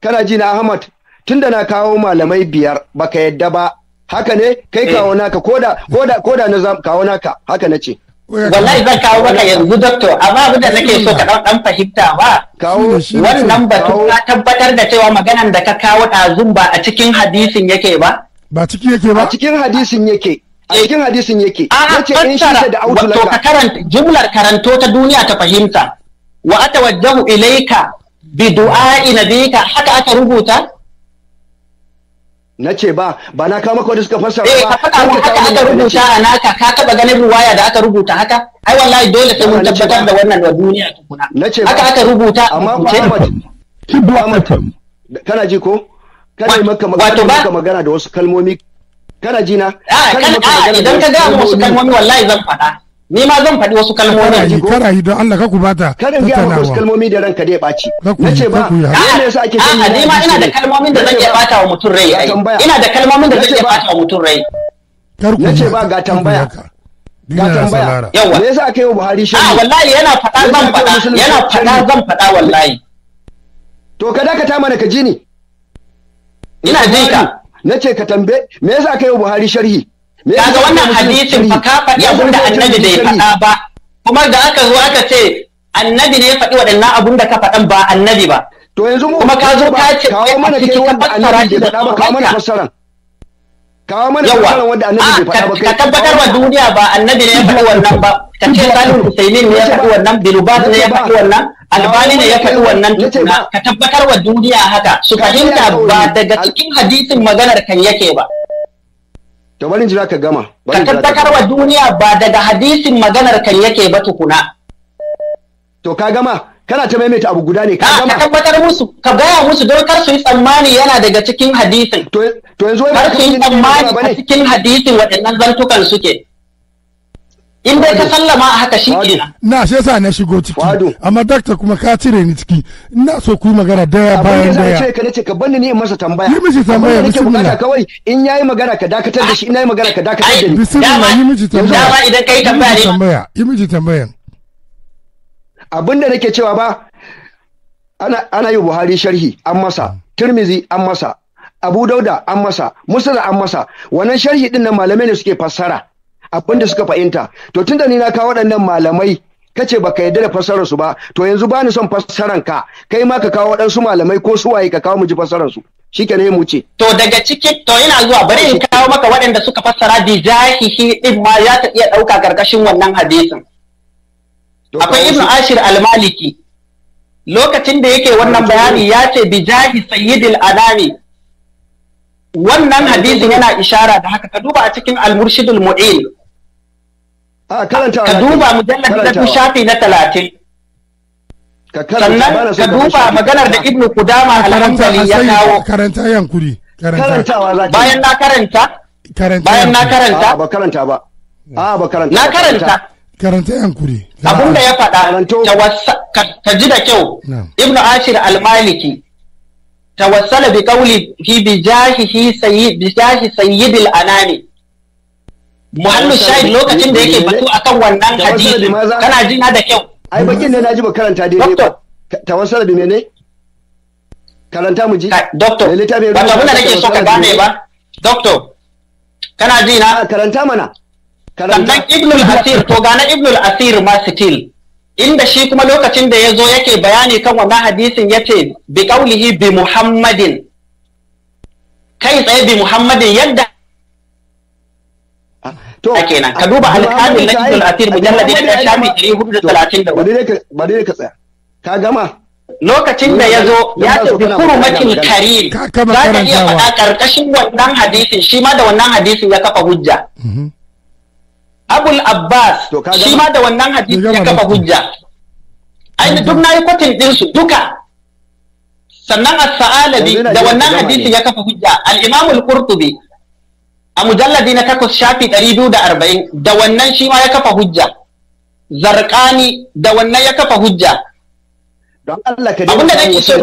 kana ji na Ahmad tunda na kawo malamai biyar baka yadda ba haka ne kai eh. kawo naka koda koda koda na kawo naka haka nace wallahi zan kawo maka yanzu doctor amma abin da nake so ka dan dan fahimta ba wannan batu ka tabbatar da cewa maganan da ka kawo ɗazun ba a cikin hadisin yake ba ba cikin yake ba a cikin hadisin yake a eh. cikin hadisin yake yace in shi da autu to ka karanta jumlar karanto ta duniya ta fahimta wa atawajjahu ilayka bi du'a nabika haka aka rubuta na ce ba ba na kama ko da suka fasa ba eh ka faɗa mu haka aka rubuta a naka ka taba ganin ruwaya da aka rubuta haka ai wallahi dole sai mun tabbatar da wannan wa duniya tukuna nace haka aka rubuta amma ba kana ji ko kana yi maka magana da wasu kalmomi kana ji na ah, kana ah, idan ka ga wasu kalmomi wallahi zan faɗa ni ma zan faɗi wasu kalmomi kada yi don Allah ka ku bata karin ga wasu kalmomi da ranka da ya ɓaci nace ba ne yasa ake ni ma ina da kalmomin da zan iya ɓata wa mutum rai ina da kalmomin da zan iya ɓata wa mutum rai nace ba ga tambaya ga tambaya yawa me yasa aka yi Buhari shi a wallahi yana faɗa zan faɗa yana faɗa zan faɗa wallahi to ka dakata mana ka ji ni ina jinka nace ka tambaye me yasa aka yi wa Buhari sharhi kaga wannan hadisin fa ka faɗi abin da annabi bai faɗa ba kuma da aka zo aka ce annabi ne ya faɗi waɗannan abin da ka faɗan ba annabi ba to yanzu mu kuma ka zo ka ce kawo mana cikin wanda annabi bai faɗa ba kawo mana fassaran kawo mana fassaran wanda annabi bai faɗa ba ka tabbatar wa duniya ba annabi ne ya faɗi wannan ba ka ce Salim husaymin ne ya faɗi wannan bilubas ne ya faɗi wannan albani ne ya faɗi wannan tukuna ka tabbatar wa duniya haka su fahimta ba daga cikin hadisin maganar kan yake ba to bari jira ka gama ka wa duniya ba daga hadisin maganar kan yake ba tukuna to ka gama kana ta maimaita abu guda ne ka ah, gama ka tabbatar musu ka gaya musu don kar su yi tsammani yana daga cikin hadisin to yanzu wai kar su yi tsammani a cikin hadisin waɗannan zantukan suke in dai ka sallama a haka shi ke na shi yasa na shigo ciki amma dakta kuma ka cire ni ciki ina so ku magana daya bayan daya abin da ka ce ka bani ni in masa tambaya yi miji tambaya bismillah kawai in yayi magana ka dakatar da shi in yayi magana ka dakatar da ni bismillah yi miji tambaya dama idan kai tambaya ne tambaya yi miji tambaya abinda nake cewa ba ana ana yi Buhari sharhi an masa Tirmizi an masa Abu Dauda an masa Musa an masa wannan sharhi din nan malamai ne suke fassara abinda suka fahimta to tunda ni na kawo waɗannan malamai kace baka yarda da fassarar su ba to yanzu bani son fassaran ka kai ma ka kawo waɗansu malamai ko su waye ka kawo mu ji fassarar su shikenan mu ce to daga ciki to ina zuwa bari in kawo maka waɗanda suka fassara bi jahihi din ma ya ta iya ɗauka karkashin wannan hadisin akwai ibnu ashir al-maliki lokacin da yake wannan bayani ya ce bi jahi sayyidil adami wannan hadisin yana ishara da haka ka duba a cikin al-murshidul mu'in a karanta ka duba mujallar na shafi na talatin sannan ka duba maganar da ibnu kudama alhamdali ya kawo karanta yankuri bayan na karanta bayan na karanta ba karanta ba ba karanta na karanta karanta yankuri ya faɗa ka ji da kyau ibnu ashir al-maliki tawassala bi qawli fi bijahi sayyidil anani muhallu shahid lokacin da yake batu akan wannan hadisi kana jina da kyau ai bakin ne naji ba karanta daidai ba tawassala bi mene karanta mu ji doctor ba abin da nake so ka gane ba doctor kana ji na ah, karanta mana sannan ibn al-asir to gane ibn al-asir ma sitil inda shi kuma lokacin da ya zo yake bayani kan wannan hadisin ya ce bi qaulihi bi muhammadin kai tsaye bi muhammadin yadda To, kenan ka duba alƙalin na Ibn Asir mujalladi na shafi 434. Bari ka bari ka tsaya. Ka gama? Lokacin da ya zo ya ce kurmatin kurumatin karim za ka iya faɗa ƙarƙashin wannan hadisin shi ma da wannan hadisin ya kafa hujja. Mm-hmm. Abul Abbas shi ma da wannan hadisin ya kafa hujja. Ai duk mm-hmm. na yi kwatin ɗinsu duka sannan as-sa'alabi da wannan hadisin ya kafa hujja al-imam al-qurtubi a mujalladi na takwas shafi ɗari biyu da arba'in da wannan shi ma ya kafa hujja zarkani da wannan ya kafa hujja don da ka so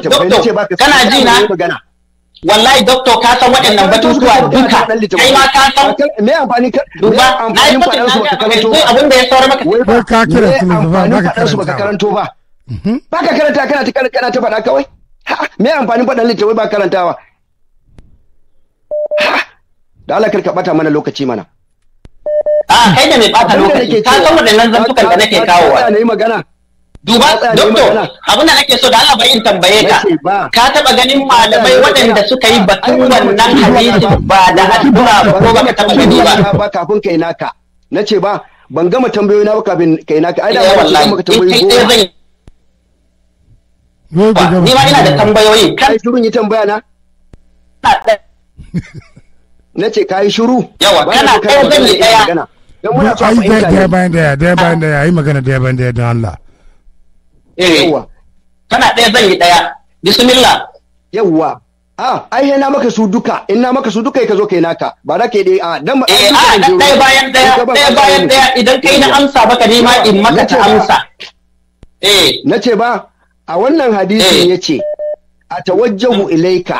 kana ji na wallahi doctor ka san waɗannan batutuwa duka kai ma ka san me amfani ka duba na yi faɗin su baka karanto ba abin da ya saura maka wai ka kira su su baka karanto ba mhm. karanta kana ta kana ta faɗa kawai me amfani ba karantawa da Allah karka bata mana lokaci mana a kai da mai bata lokaci ka san waɗannan zantukan da nake kawo wa ne magana duba doctor abin da nake so da Allah bai tambaye ka ka taba ganin malamai waɗanda suka yi batun wannan hadisi ba da hadura ba ko ba ka taba gani ba kafin kai naka nace ba ban gama tambayoyi na ba kafin kai naka ai da wallahi maka tambayoyi ko ni ba ina da tambayoyi kan turun yi tambaya na na ce ka yi shiru yawa kana ɗaya zan yi ɗaya don muna so fahimta ne bayan daya daya ah. bayan daya yi magana daya bayan daya don Allah eh kana ɗaya zan yi ɗaya bismillah yawa a ah, ai na maka su duka in na maka su duka ka zo kai naka ba za ka yi a ah, dan ba eh a ɗaya bayan ɗaya ɗaya bayan ɗaya idan kai na amsa baka ma in maka ta amsa eh na ce ba a wannan hadisin eh. yace a tawajjahu hmm. ilaika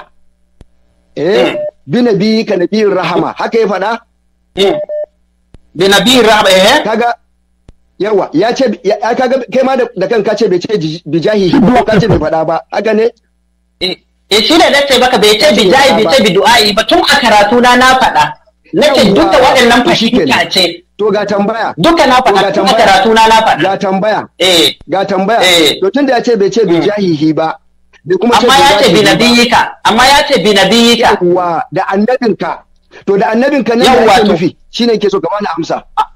eh hmm. bi nabi ka nabiyin rahama haka ya faɗa eh. bi nabiyin rahama eh kaga yawa ya ce ya kaga kai ma da kanka ce bai ce bi jahi ka ce bai faɗa ba haka ne eh, eh shi ne dace baka bai ce bi jahi bai ce bi du'a'i ba tun a karatu na na faɗa duk duka waɗannan ka ce To ga tambaya. Duka na faɗa tun a karatu na na faɗa. Ga tambaya. Eh. Ga tambaya. Eh. To tunda ya ce bai ce bi hmm. jahihi ba. amma ya ce binabiyika amma ya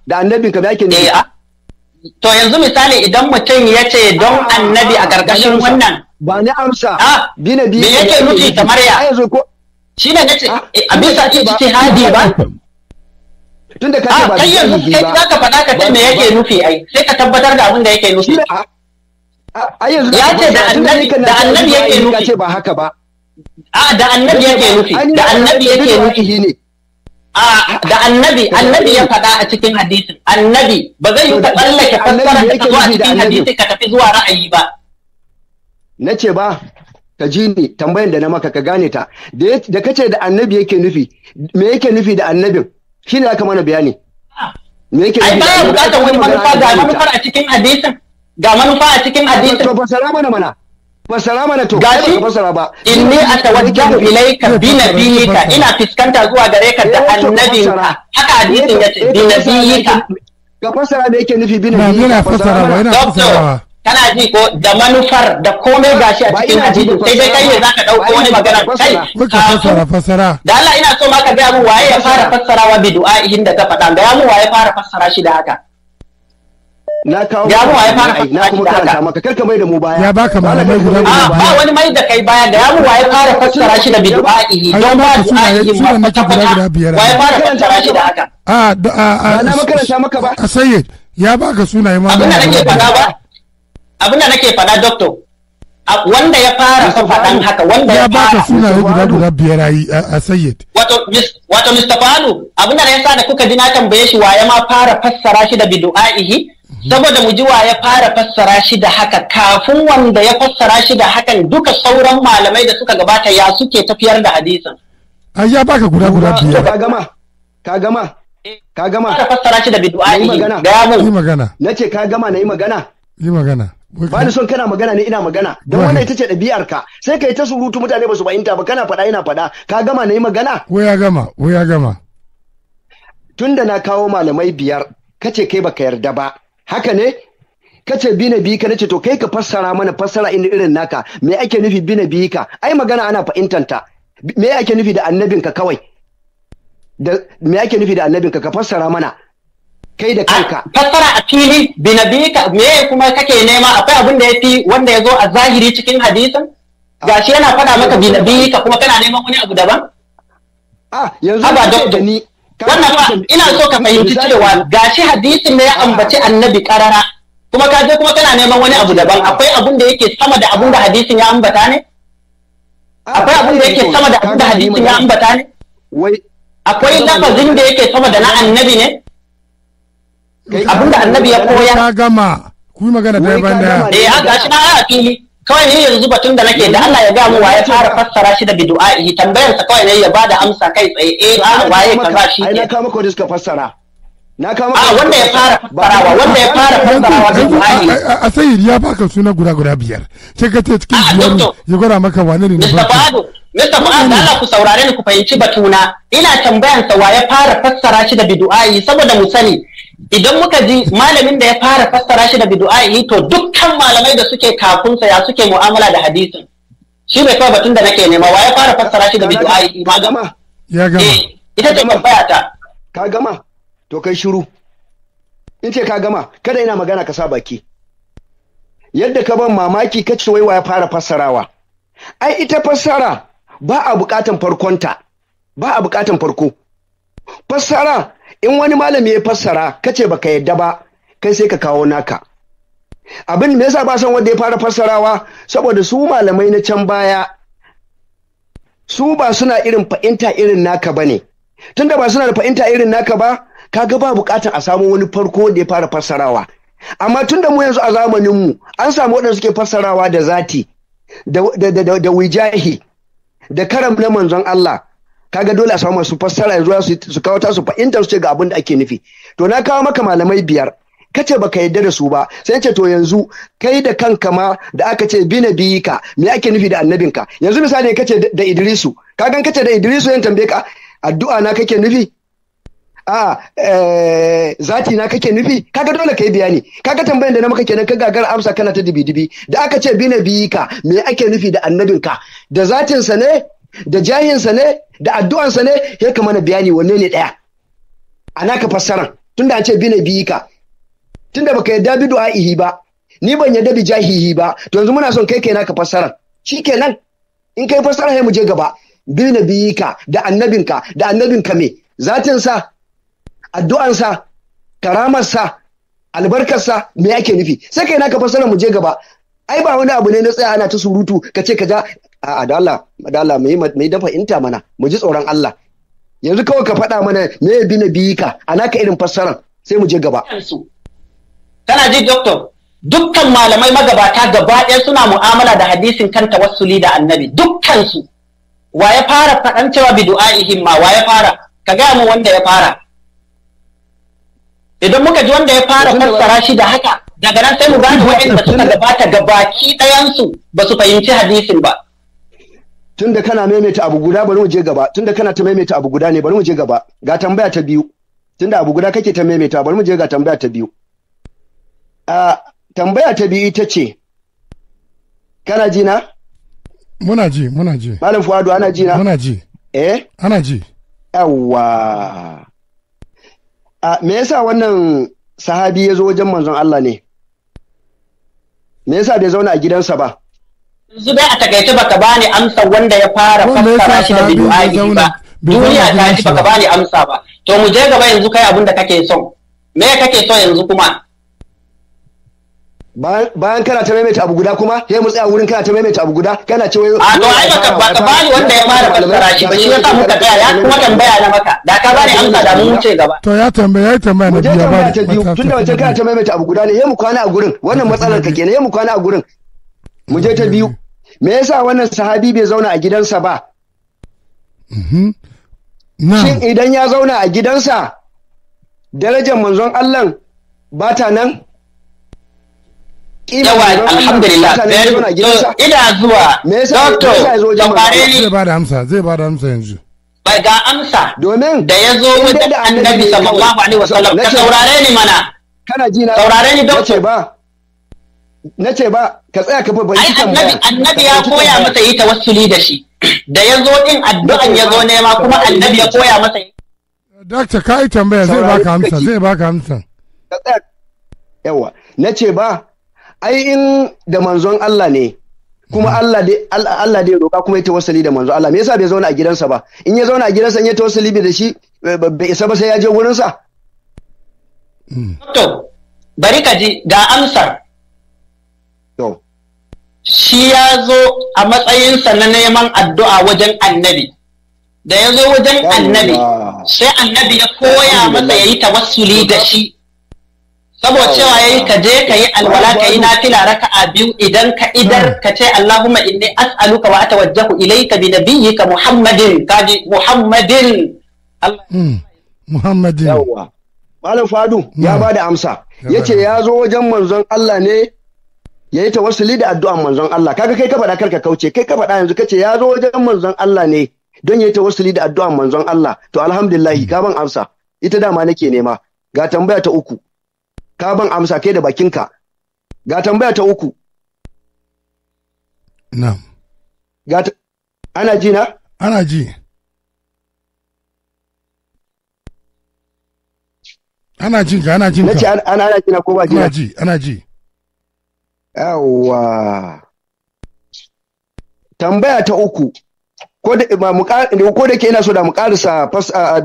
da to yanzu misali idan mutum ya ce don ah, annabi a gargashin wannan ba ni amsa ah, me yake nufi kamar ya shi ne nace ah, eh, abin sa ce hadi ba tun da ba kai yanzu kai za ka faɗa ka ce me yake nufi ai sai ka tabbatar da abin da yake nufi ai yanzu ya ce da annabi da annabi yake nufi ce ba haka ba a da annabi yake nufi da annabi yake nufi ne a da annabi annabi ya faɗa a cikin hadisin annabi ba zai yi ka tsallake fassara da zuwa cikin hadisin ka tafi zuwa ra'ayi ba na ce ba ka ji ni tambayan da na maka ka gane ta da kace da annabi yake nufi me yake nufi da annabin shine aka mana bayani me yake nufi ai ba bukatar wani manufa ga manufar a cikin hadisin ga manufa a cikin addini to na mana ba salama na to gashi fasara ba inni atawajjahu ilayka bi nabiyyika ina fiskanta zuwa gare ka da eh, annabinka haka eh, ya ce eh, bi nabiyyika ga fasara da yake nufi bi nabiyyika yana fasara ba ina fasara kana ji ko da manufar da komai gashi a cikin addinin sai dai kai ne zaka dauko wani magana kai ka fasara fasara da Allah ina so ma ka ga mu waye ya fara fassarawa bi du'a inda ta ka faɗa ga mu waye fara fassara shi da haka na kawo ya mu waye fara na kuma karanta maka karka mai da mu baya ya baka malamai guda ah, ba ba wani mai da kai baya da ya mu waye fara fassara shi da bid'a'i don ba du'a'i ma kwata kwata waye fara fassara shi da haka a a a na makaranta maka ba a ah, sayyid ya baka sunaye ma abinda nake faɗa ba abinda nake faɗa doctor wanda ya fara faɗan haka wanda ya baka sunaye guda guda biyar ayi a ah, sayyid wato wato Mr. Falu abin na yasa da kuka ji na tambaye shi waye ma fara fassara shi da bid'a'ihi saboda mu ji wa ya fara fassara shi da haka kafin wanda ya fassara shi da hakan duka sauran malamai da suka gabata ya suke tafiyar da hadisin ai ya baka guda guda biyar ka gama ka gama ka gama ka fassara shi da bid'a'i ga yamu yi magana nace ka gama na yi magana yi magana ba ni son kana magana ne ina magana don wannan ita ce ɗabi'ar ka sai kai ta surutu mutane ba su fahimta ba kana faɗa ina faɗa ka gama na yi magana wai ya gama wai ya gama tunda na kawo malamai biyar kace kai baka yarda ba haka ne kace bi na ka nace to kai ka fassara mana fassara in irin naka me ake nufi bi na ka ai magana ana fahimtanta me ake nufi da annabinka kawai da me ake nufi da annabinka ka fassara mana kai da kanka fassara a fili bi na ka me kuma kake nema akwai abin da yafi wanda ya zo a zahiri cikin hadisin gashi yana faɗa maka bi na ka kuma kana neman wani abu daban ah yanzu da ni wannan fa ina so ka fahimci cewa gashi hadisin ne ya ambaci annabi karara kuma ka je kuma kana neman wani abu daban akwai abun da yake sama da abun da hadisin ya ambata ne akwai abun da yake sama da abun da hadisin ya ambata ne akwai lafazin da yake sama da na annabi ne abun da annabi ya koya ka gama ku magana ta ban da eh gashi na a fili kawai ni yanzu batun da nake da Allah ya ga mu waye fara fassara shi da bidu'a tambayar sa kawai ne ya bada amsa kai tsaye eh waye ka ba shi ne ai na ka maka fassara na kama ah, a wanda ya fara fassarawa wanda ya fara fassarawa da Qur'ani a sayyid ya baka suna guda guda biyar sai ka ce cikin ah, biyar ya gwada maka wane ne na farko Mista Fuad Allah ku saurare ni ku fahimci batuna ina tambayan sa wa ya fara fassara shi da bid'u'a'i saboda mu sani idan muka ji malamin da ya fara fassara shi da bid'u'a'i to dukkan malamai da suke kafunsa ya suke mu'amala da hadisin shi bai kawai batun da nake nema wa ya fara fassara shi da bid'u'a'i ma gama ya gama eh, ita ce tambaya ta ka gama to kai shiru in ce ka gama kada ina magana ka sa baki yadda ka ban mamaki ka ce waiwa ya fara fassarawa ai ita fassara ba a bukatan farkonta ba a bukatan farko fassara in wani malami ya fassara ka kace baka yadda ba kai sai ka kawo naka abin me yasa ba san wanda ya fara fassarawa saboda su malamai na can baya su ba suna irin fa'inta irin naka bane tunda ba suna da fa'inta irin naka ba kaga ba bukatan a samu wani farko da ya fara fassarawa amma tun da mu yanzu a zamanin mu an samu waɗanda suke fassarawa da zati da wijahi da karam na manzon Allah kaga dole a samu masu fassara yanzu su kawo ta su fahimtar su ce ga abin da ake nufi to na kawo maka malamai biyar kace baka yarda da su ba sai ce to yanzu kai da kanka ma da aka ce bina biyika me ake nufi da annabinka yanzu misali kace da Idrisu kagan kace da Idrisu yan tambaye ka addu'a na kake nufi a eh, zati na kake nufi kaga dole kai bayani kaga tambayan da na maka kenan ka gagar amsa kana ta dibi dibi da aka ce bi na biyi ka me ake nufi da annabinka da zatin sa ne da jahin sa ne da addu'an sa ne ya kama na bayani wanne ne daya ana ka fassara tunda an ce bi na biyi ka tunda baka yadda bi du'a'ihi ba ni ban yadda bi jahihi ba to yanzu muna son kai kenan ka fassara kenan, in kai fassara sai mu je gaba bi na biyi ka da annabinka da annabinka me zatin sa addu'ansa karamarsa albarkarsa me ake nufi sai kai naka fassara mu je gaba ai ba wani abu ne na tsaya ana ta surutu ka ce ka ja a'a da Allah da Allah mai dafa inta mana mu ji tsoron Allah yanzu kawai ka faɗa mana me ya bi na biyi ka a naka irin fassaran sai mu je gaba kana ji doctor dukkan malamai magabata gaba ɗaya suna mu'amala da hadisin kan tawassuli da annabi dukkan su wa ya fara faɗan cewa bi du'a'ihim ma wa ya fara ka ga mu wanda ya fara idan muka ji wanda ya fara fassara shi da haka daga nan sai mu gane waɗanda suka gabata gabaki ɗayansu ba su fahimci hadisin ba tunda kana maimaita abu guda bari mu je gaba tunda kana ta maimaita abu guda ne bari mu je gaba ga tambaya ta biyu tunda abu guda kake ta maimaita bari mu je ga tambaya ta biyu a tambaya ta biyu ita ce kana ji na muna ji muna ji malam fuadu ana ji na muna ji eh ana ji yawwa me yasa wannan sahabi ya zo wajen manzon Allah ne me yasa bai zauna a gidansa ba yanzu dai a takaice baka bani amsa wanda ya fara fassara shi da bidu'a'i ba duniya ta ji baka bani amsa ba to mu je gaba yanzu kai abin da kake so me kake so yanzu kuma bayan kana ta maimaita abu guda kuma ya mu tsaya wurin kana ta maimaita abu guda kana ce wai a to ai baka baka bani wanda ya fara fassara shi ba shi yasa muka tsaya ya kuma tambaya na maka da ka bani amsa da mu wuce gaba to ya tambaya ya tambaya na biya bani tun da wace kana ta maimaita abu guda ne ya mu kwana a gurin wannan matsalar ka kenan ya mu kwana a gurin mu je ta biyu me yasa wannan sahabi bai zauna a gidansa ba mhm. shin idan ya zauna a gidansa darajar manzon Allah ba ta nan yawa alhamdulillah ina zuwa doctor zai ba da amsa zai ba da amsa yanzu ga amsa domin da ya zo wajen annabi sallallahu alaihi wasallam ka saurare ni mana kana ji na saurare ni doctor ba na ce ba ka tsaya ka bai ai annabi annabi ya koya masa yi tawassuli da shi da ya zo din addu'an ya zo nema kuma annabi ya koya masa Dakta ka yi tambaya zai baka amsa zai baka amsa. Yawa na ce ba ai in da manzon Allah ne kuma hmm. Allah dai Allah dai roka kuma ya tawassali da manzon Allah me yasa bai zauna a gidansa ba in ya zauna a gidansa in ya tawassali da shi eh, bai isa ba sai ya je wurin sa hmm. to bari ka ji ga amsar to shi ya zo a matsayinsa na neman addu'a wajen annabi da ya zo wajen annabi sai annabi ya koya masa ya yi tawassuli da shi saboda cewa yayi ka je ka yi alwala ka yi nafila a biyu idan ka idar hmm. ka ce Allahumma inni as'aluka wa atawajjahu ilayka bi nabiyyika Muhammadin kaji Muhammadin hmm. Muhammadin yawa Malam Fadu ya hmm. ba da amsa yace ya zo wajen manzon Allah ne ya yi tawassuli da addu'an manzon Allah kaga kai ka faɗa karka kauce kai ka faɗa yanzu kace ya zo wajen manzon Allah ne don ya yi tawassuli da addu'an manzon Allah to alhamdulillah ka ban amsa ita dama nake nema ga tambaya ta uku ka ban amsa kai da bakinka ga tambaya ta uku na'am ga ana ji na ana ji ana ji ga ana ji Na ce ana ana ji na ko ba ji ana ji ana ji yawwa tambaya ta uku ko da ko da ke ina so da mu karisa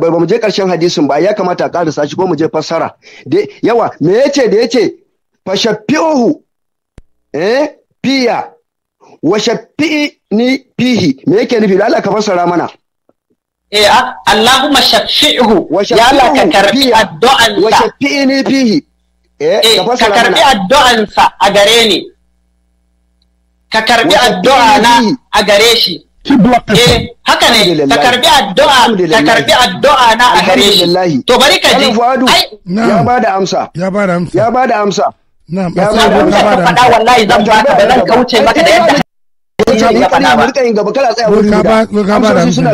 ba mu je karshen hadisin ba ya kamata a karisa shi ko mu je fassara yawa me yace da yace fashaffihu eh fiya wa ni fihi me yake nufi Allah ka fassara mana eh ah, Allahumma shaffihu ya Allah ka karbi addu'an wa shaffi'ni fihi eh ka eh, fassara mana ka karbi addu'an sa a gare ni ka karbi addu'a na a gare shi Eh, haka ne, ta karbi addu'a, ta karbi addu'a na a gare shi. To bari ka ji. Ya ba da amsa. Ya ba da amsa. Ya ba da amsa. Ya ba da amsa. Ya ba da amsa. wallahi zan baka ba zan kauce maka da yadda. Ya ba da amsa.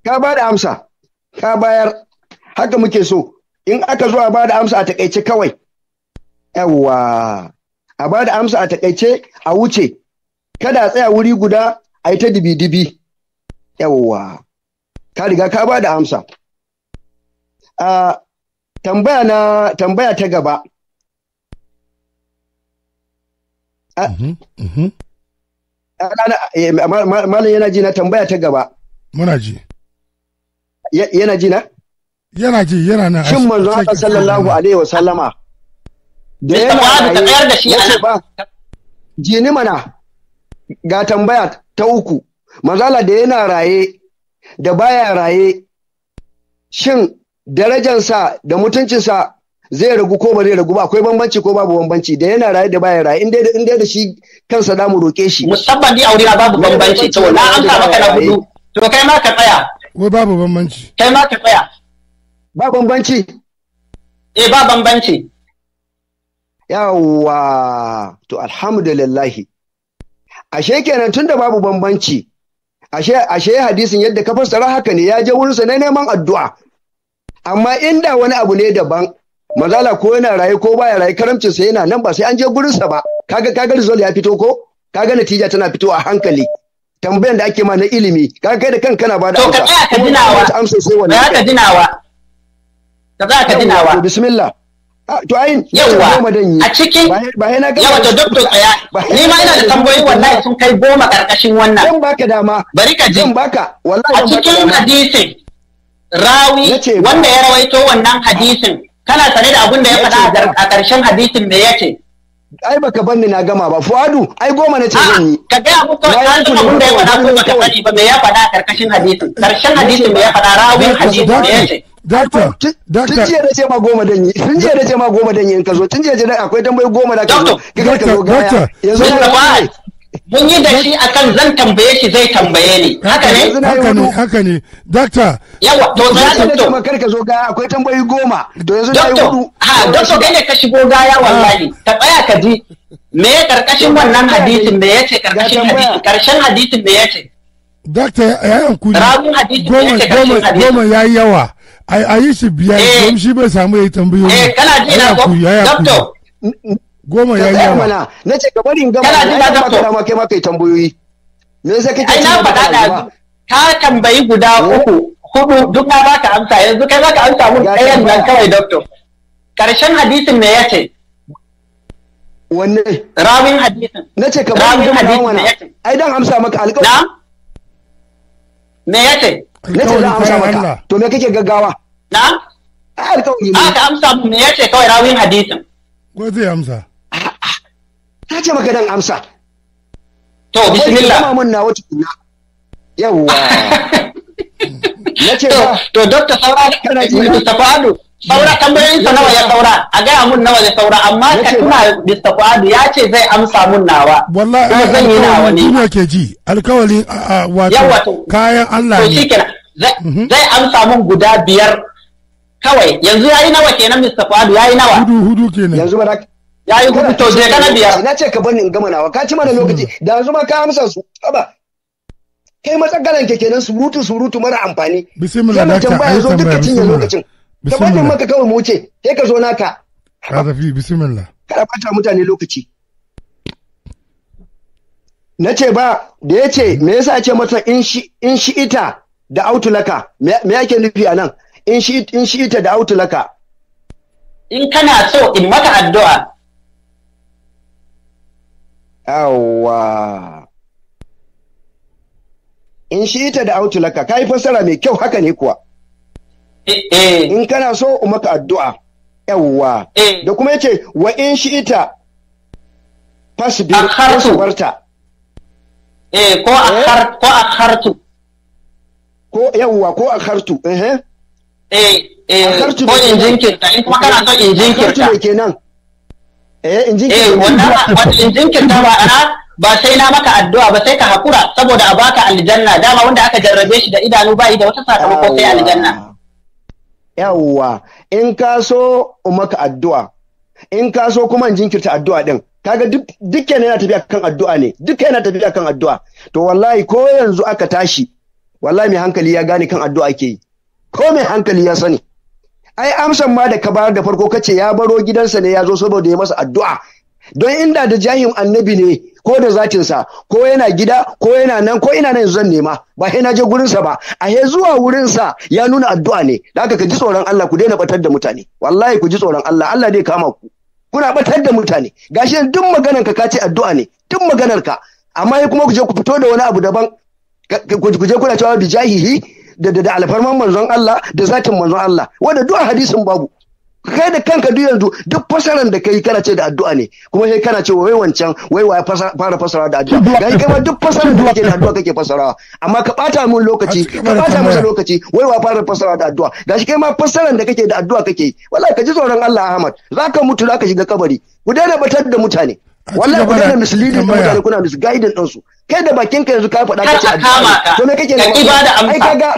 Ka ba da amsa. Ka bayar. Haka muke so. In aka zo a ba da amsa a takaice kawai. Yawwa. A ba da amsa a takaice a wuce. Kada a tsaya wuri guda ai ta dibi dibi yawwa ka riga ka ba da amsa a tambaya na tambaya ta gaba Malam yana ji na tambaya ta gaba. Muna ji. Yana ji na? Yana ji yana na Shin manzo Allah sallallahu alaihi wa sallama. Da yana da shi ba. Jini mana ga tambaya ta uku manzala da yana raye da baya raye shin darajansa da mutuncinsa zai ragu ko ba zai ragu ba akwai bambanci ko babu bambanci da yana raye da baya raye in dai da shi kansa da mu roke shi musabban ni aure babu bambanci to na an sa maka na hudu to kai ma ka tsaya ko babu bambanci kai ma ka tsaya ba bambanci eh ba bambanci yawa to alhamdulillah ashe kenan tunda babu bambanci ashe ashe hadisin yadda ka fassara haka ne ya je wurinsa na neman addu'a amma inda wani abu ne daban mazala ko yana raye ko baya raye karamcin sa yana nan ba sai an je gurinsa ba kaga kaga result ya fito ko kaga natija tana fito a hankali tambayan da ake ma na ilimi kaga kai da kanka kana bada amsa to ka tsaya ka dinawa ka tsaya ka dinawa ka tsaya ka dinawa bismillah Ah, to ayin yawa a cikin yawa to doctor tsaya ni ma ina da tambayoyi wallahi sun kai goma karkashin wannan zan baka dama bari ka ji baka wallahi a cikin hadisin rawi wanda ya rawaito wannan hadisin kana sane da abin da ya faɗa a ƙarshen hadisin me yace ai baka banni na gama ba fuadu ai goma na ce ah, zan yi ka ga abu ko an tuna abin da ya faɗa ko baka sani ba me ya faɗa a ƙarƙashin hadisin ƙarshen hadisin me ya faɗa rawin hadisin me yace Dakta, dakta. Tun jiya da ce ma goma dan yi. Tun jiya da ce ma goma dan yi in ka zo. Tun jiya da akwai tambayi goma da ka zo. Dakta, dakta. Yanzu na Mun yi da shi akan zan tambaye shi zai tambaye ni. Haka ne? Haka ne, haka ne. Dakta. Yawa, to za ka to. Kuma karka zo gaya akwai tambayi goma. To yanzu na yi hudu. Ha, don kai ne ka shigo gaya wallahi. Ka tsaya ka ji. Me ya karkashin wannan hadisin me ya ce karkashin hadisin? Karshen hadisin me ya ce? Dakta ya yi hankuli. Ramin hadisin me ya ce karshen hadisin? Goma ya yi yawa. a yi shi biyar eh. don shi bai samu ya yi tambayoyi eh kana ji na ko doctor goma ya yi yawa na ce ka bari gama kana ji na doctor ma maka ma kai tambayoyi me yasa kake ai na faɗa da ka tambayi guda eh? uku hudu duk na baka amsa yanzu kai baka amsa mun ɗayan nan kawai dokto karshen hadisin me ce wanne rawin hadisin na ce ka bari in gama wannan ai dan amsa maka alƙawari na me ce na ce za a amsa maka to me kake gaggawa na alkawari ne aka amsa mu me yace kawai rawin hadisin ko zai amsa ta ce maka dan amsa to bismillah kuma mun na wata kunna yawa na ce to doctor saura kana ji Mustapha Ado saura tambayoyin sa nawa ya saura a gaya mun nawa ya saura amma ka tuna Mr. Fuadu ya ce zai amsa mun nawa wallahi kuma zan yi nawa ne duniya ke ji alkawalin wato kayan Allah ne to mhm. zai amsa mun guda biyar kawai yanzu yayi nawa kenan Mr. Fuadu yayi nawa hudu hudu kenan yanzu ba yayi hudu to je kana biyar na ce ka bani in gama nawa ka ci mana lokaci hmm. da yanzu ma ka amsa su ba kai matsagaran ke kenan surutu surutu mara amfani bismillah dakta ayi tambaya lokacin da wannan maka kawai mu wuce sai ka zo naka kazafi bismillah kada bata mutane lokaci na ce ba da ya ce me yasa ce masa in shi ita da autulaka me yake nufi a nan in shi ita da autulaka in kana so in maka addu'a yawwa in shi ita da autulaka ka yi fassara mai kyau haka ne kuwa Eh, eh. in kana so maka addu'a yawwa eh. da kuma yace wa in shi ita fasbir wasbarta eh ko akhar ko akhartu ko yawwa ko akhartu eh eh eh ko in jinkirta in kuma kana so in jinkirta akhartu kenan eh in jinkirta eh wannan in jinkirta ba a ba sai na maka addu'a ba sai ka hakura saboda a baka aljanna dama wanda aka jarrabe shi da idanu bai da wata sakamako sai aljanna yawwa in ka so maka addu'a in ka so kuma in jinkirta addu'a din kaga duk yana tafiya kan addu'a ne duk yana tafiya kan addu'a to wallahi ko yanzu aka tashi wallahi mai hankali ya gane kan addu'a ke yi ko mai hankali ya sani ai amsan ma da ka bar da farko kace ya baro gidansa ne ya zo saboda ya masa addu'a don inda da jahim annabi ne ko da zatinsa ko yana gida ko yana nan ko ina nan zan nema ba sai na je gurinsa ba a he zuwa wurin sa ya nuna addu'a ne da haka ka ji tsoron Allah ku daina batar da mutane wallahi ku ji tsoron Allah Allah zai kama ku kuna batar da mutane gashi duk maganar ka kace addu'a ne duk maganar ka amma kuma ku je ku fito da wani abu daban ku je kuna cewa bijahihi da da alfarman manzon Allah da zatin manzon Allah wanda duk hadisin babu kai da kanka duk yanzu duk fasaran da kai kana ce da addu'a ne kuma sai kana ce wai wancan wai waya fara fasara da addu'a ga kai ma duk fasaran da kake da addu'a kake fasarawa amma ka bata mun lokaci ka bata masa lokaci wai wa fara fasara da addu'a gashi kai ma fasaran da kake da addu'a kake wallahi ka ji tsoron Allah Ahmad zaka mutu zaka shiga kabari ku daina batar da mutane wallahi ku daina misleading da mutane kuna misguiding din su kai da bakin ka yanzu ka faɗa ka ce addu'a to me kake nema ai kaga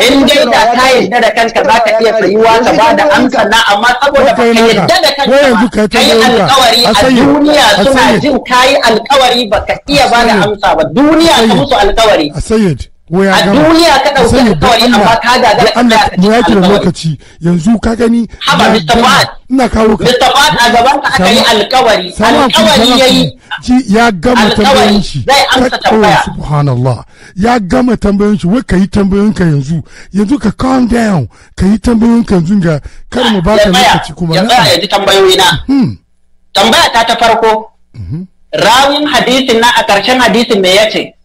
in dai da ka yarda da kanka za ka iya tsayuwa ka ba da amsa na amma saboda ba ka yarda da kanka ka yi alkawari a duniya suna jin ka yi alkawari ba ka iya ba da amsa ba duniya ka musu alkawari a duniya ka ɗauki alkawari amma ka da da Allah ne yaki da lokaci yanzu ka gani haba Mr. Fuad ina kawo ka Mr. Fuad a gaban ka aka yi alkawari alkawari yayi ji ya gama tambayoyin shi zai amsa tambaya subhanallah ya gama tambayoyin shi wai ka yi tambayoyin ka yanzu yanzu ka calm down ka yi tambayoyin ka yanzu ga kar mu baka lokaci kuma ya tsaya ya ji tambayoyi na hmm. tambaya ta ta farko mhm. Rawun hadisin na a ƙarshen hadisin me yace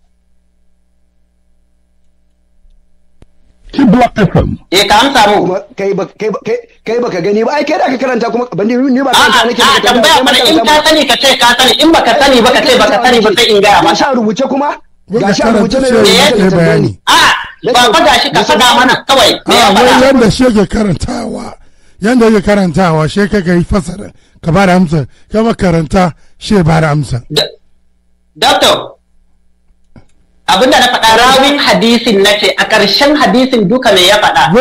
ki block fm eh ka amsa mu kai ba kai kai ba ka gani ba ai kai da ka karanta kuma ban ni ni ba karanta nake ba tambaya mana in ka sani ka ce ka sani in baka sani ka ce baka sani ba sai in ga ma sha rubuce kuma Ga a rubuce ne da bayani a ba fa gashi ka faɗa mana kawai Me a ah, wai yanda shi yake karantawa yanda yake karantawa shi ka kai fasara ka ba da amsa ka karanta shi ba da amsa doctor abinda na faɗa rawin hadisin na ce a ƙarshen hadisin duka me ya faɗa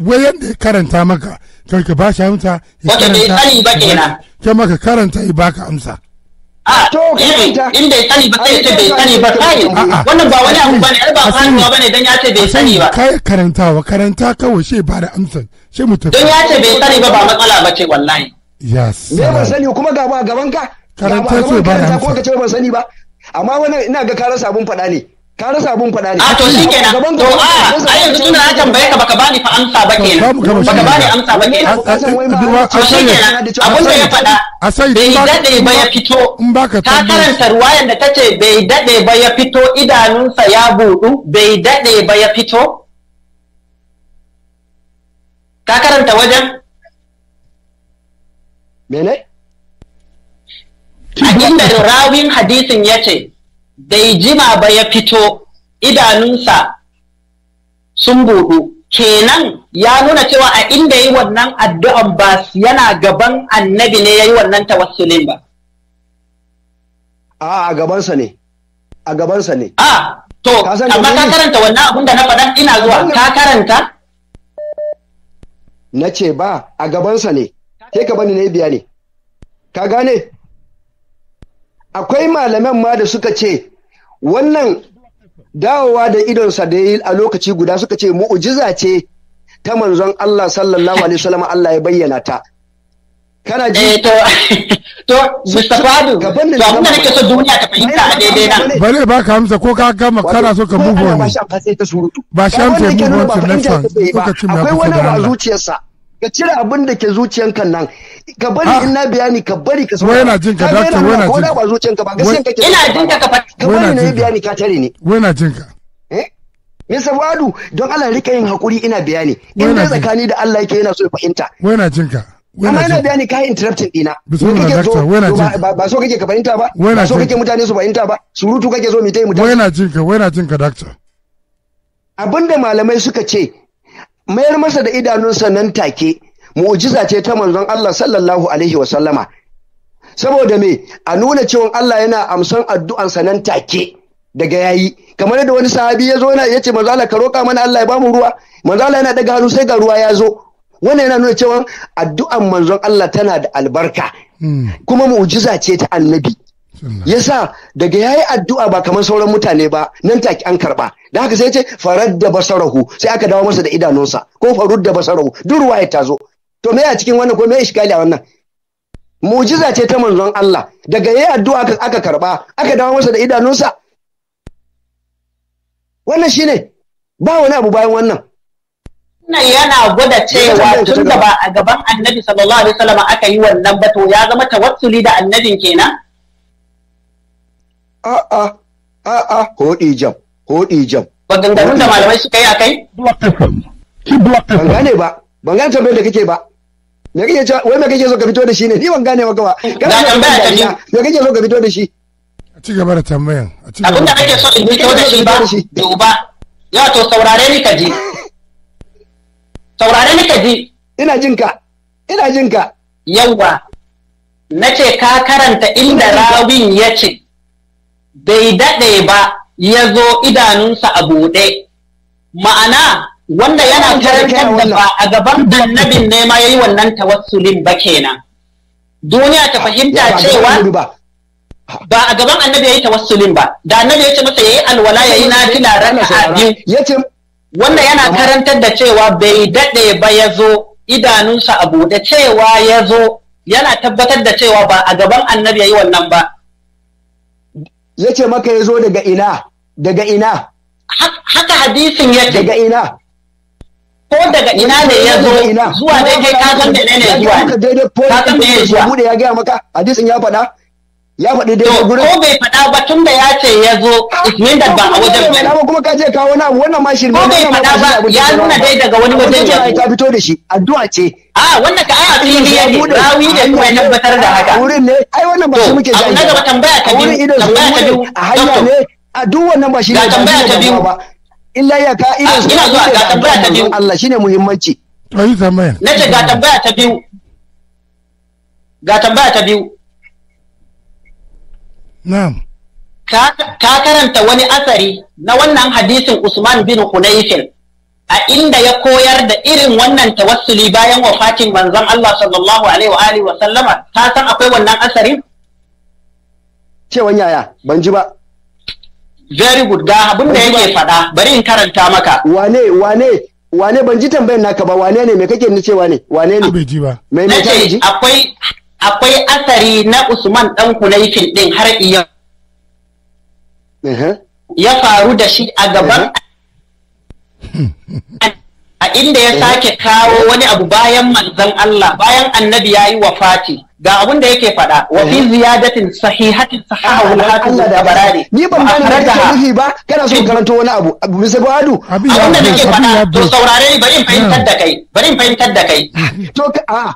wai yadda ya karanta maka kai ka ba shi amsa ya karanta kai maka karanta ya ka amsa a eh, in bai sani ba sai ce bai sani ba sai wannan ba wani abu bane ba faruwa bane dan ya ce bai sani ba kai karantawa karanta kawai shi ba da amsa shi mu dan ya ce bai sani ba ba matsala ba ce wallahi yes me ba sani kuma ga ba gaban ka karanta ce ba da amsa ko ka ce ba sani ba amma wani ina ga ka rasa abun faɗa ne ka rasa abun faɗa ne a to shi kenan to a a yanzu da na tambaye ka baka bani fa amsa ba kenan baka bani amsa ba kenan to shi kenan abun da ya faɗa bai daɗe ba ya fito ta karanta ruwayan da tace bai daɗe ba ya fito idanunsa ya buɗu bai daɗe ba ya fito ka karanta wajen mene inda rawin hadisin ya ce bai jima ba ya fito idanunsa sun buɗu kenan ya nuna cewa a inda yi wannan addu'an ba yana gaban annabi ne ya yi wannan tawassulin ba a a gabansa ne a gabansa ne a ah, to amma ka karanta wannan abin da na faɗan ina zuwa ka karanta na ce ba a gabansa ne ka bani ne biya ne ka gane akwai malaman ma da suka ce wannan dawowa da idonsa da yi a lokaci guda suka ce mu'ujiza ce ta manzon Allah sallallahu alaihi wasallam Allah ya bayyana ta kana ji eh, to to Mustapha to da da nake so duniya ta fahimta a daidai na bari ba ka amsa, ko ka gama kana so ka move on ba shi amsa move on to next one lokacin ya kusa da akwai wani a zuciyarsa ka cire abin da ke zuciyanka nan ka bari ah. in na bayani ka bari ka saurara wai ka dakta wai na jin ka ba zuciyanka ba kake ina ka ka bari na bayani ka tare ne wai na eh me don Allah rika yin hakuri ina bayani in dai tsakani da Allah yake yana so ya fahimta wai na jin ka amma ina bayani ka interrupting dina bismillah dakta ba so kake ka fahimta ba ba so kake mutane su fahimta ba surutu kake so mu tai mutane? tai wai dakta abinda malamai suka ce mayar masa da idanunsa nan take mu'jiza ce ta manzon Allah sallallahu alaihi wa sallama saboda me a nuna cewa Allah yana amsan addu'ansa nan take daga yayi kamar da wani sahabi ya zo yana yace manzo Allah ka roka mana Allah ya bamu ruwa manzo Allah yana daga hannu sai ga ruwa ya zo wannan yana nuna cewa addu'an manzon Allah tana da albarka hmm. kuma mu'jiza ce ta annabi yasa daga ya yi addu'a ba kamar sauran mutane ba nan take an karba da haka sai ce farar da basarahu sai aka dawo masa da idanunsa ko farud da basarahu duk ya tazo to me a cikin wannan ko me iskali a wannan mujiza ce ta manzon Allah daga yayi addu'a aka karba aka dawo masa da idanunsa wannan shine ba wani abu bayan wannan wannan yana gwada cewa tun da ba a gaban annabi sallallahu alaihi wasallam aka yi wannan ba to ya zama tawassuli da annabin kenan a'a a'a hodi jam hodi jam maganganun da malamai suka yi akai block fm ki block fm ban gane ba ban gane tambayar da kake ba me kake cewa wai me kake so ka fito da shi ne ni ban gane ba ga tambaya ta ni me kake so ka fito da shi a ci gaba da tambayan a ci gaba abinda kake so in fito da shi ba duba ya to saurare ni ka ji saurare ni ka ji ina jin ka ina jin ka yawwa nace ka karanta inda rawin ya ce bai daɗe ba ya zo idanunsa a buɗe ma'ana wanda yana karantar da ba a gaban annabin ne ma yayi wannan tawassulin ba kenan duniya ta ah, fahimta cewa ba a gaban annabi yayi tawassulin ba da annabi yace masa yayi alwala yayi nafila raka'a biyu yace wanda yana karantar da cewa bai dade ba ya zo idanunsa a bude cewa ya zo. yana tabbatar da cewa ba a gaban annabi yayi wannan ba ya ce maka ya zo daga ina daga ina haka hadisin ya daga ina ko daga ina ne ya zo zuwa daidai kasan da ne zuwa ka da ne zuwa ya gaya maka hadisin ya faɗa ya faɗi dai gurin ko bai faɗa ba tun da ya ce ya zo ismin da ba a wajen ba amma kuma ka je kawo wani abu wannan mashin. ne. ko bai faɗa ba ya nuna dai daga wani wajen ya ta fito da shi addu'a ce a wannan ka aya fili ya ne rawi da kuma ya tabbatar da haka wurin ne ai wannan ba shi muke zai na gaba tambaya ta biyu tambaya ta biyu a hanya ne a duk wannan ba shi ne tambaya ka biyu ba illa ya ka ah, ina zuwa ga tambaya ta biyu Allah shine muhimmanci na ce ga tambaya ta biyu ga tambaya ta biyu Na'am. Ka karanta wani asari na wannan hadisin Usman bin Hunayfin a inda ya koyar da irin wannan tawassuli bayan wafatin manzon Allah sallallahu alaihi wa alihi wa sallama ka san akwai wannan asarin? Cewan yaya ban ji ba. Very good ga abin da yake faɗa bari in karanta maka. Wane wane wane ban ji tambayar naka ba wane ne me kake ni cewa ne wane ne? Abin ji ba. Me me ji? Akwai akwai asari na Usman ɗan Kunaifin ɗin har iya ya faru da shi a gaban a inda ya sake kawo wani abu bayan manzon Allah bayan annabi ya yi wafati ga abun da yake faɗa wa fi ziyadatin sahihatin sahahul hatim da barari ni ban gane da yake nufi ba kana so karanto wani abu abu bisa gwadu abin da yake faɗa to saurare ni bari in fahimtar da kai bari in fahimtar da kai ah, to a ah,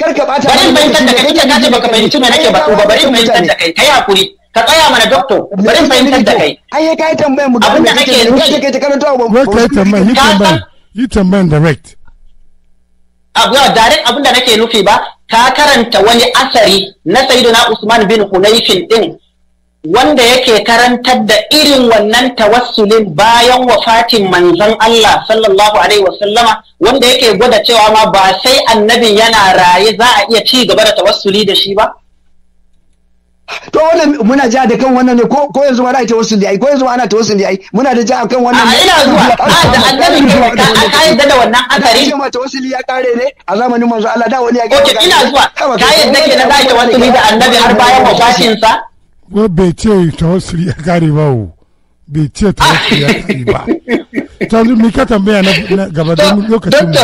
kar ka bata bari mai tanta kai ka kaje baka fahimci me nake batu ba bari mai tanta kai kai hakuri ka tsaya mana dokto. bari fahimtar da kai ai kai tambayar mu abin da kake yi kake kake karanta ba ko kai tambayar ni tambayar ni tambayar direct abu ah, ya direct abin da nake nufi ba ka karanta wani asari na sayyidina Usman bin Hunayfin din wanda yake karantar da irin wannan tawassulin bayan wafatin manzon Allah sallallahu alaihi wasallama wanda yake gwada cewa ma ba sai annabin yana raye za a iya ci gaba da tawassuli da shi ba to wannan muna ja da kan wannan ne ko ko yanzu ma da ita wasu ai ko yanzu ma ana tawassuli ai muna da ja kan wannan a ina zuwa a da annabi ne ka a kai da wannan akari kuma ma tawassuli ya kare ne a zamanin manzo Allah da wani ya ga ina zuwa ka yadda ke na da tawassuli da annabi har bayan wafatin sa wa bai ce tawassuli ya kare ba o ce tawassuli ya kare ba tawassuli mi ka tambaya gaba don lokacin mu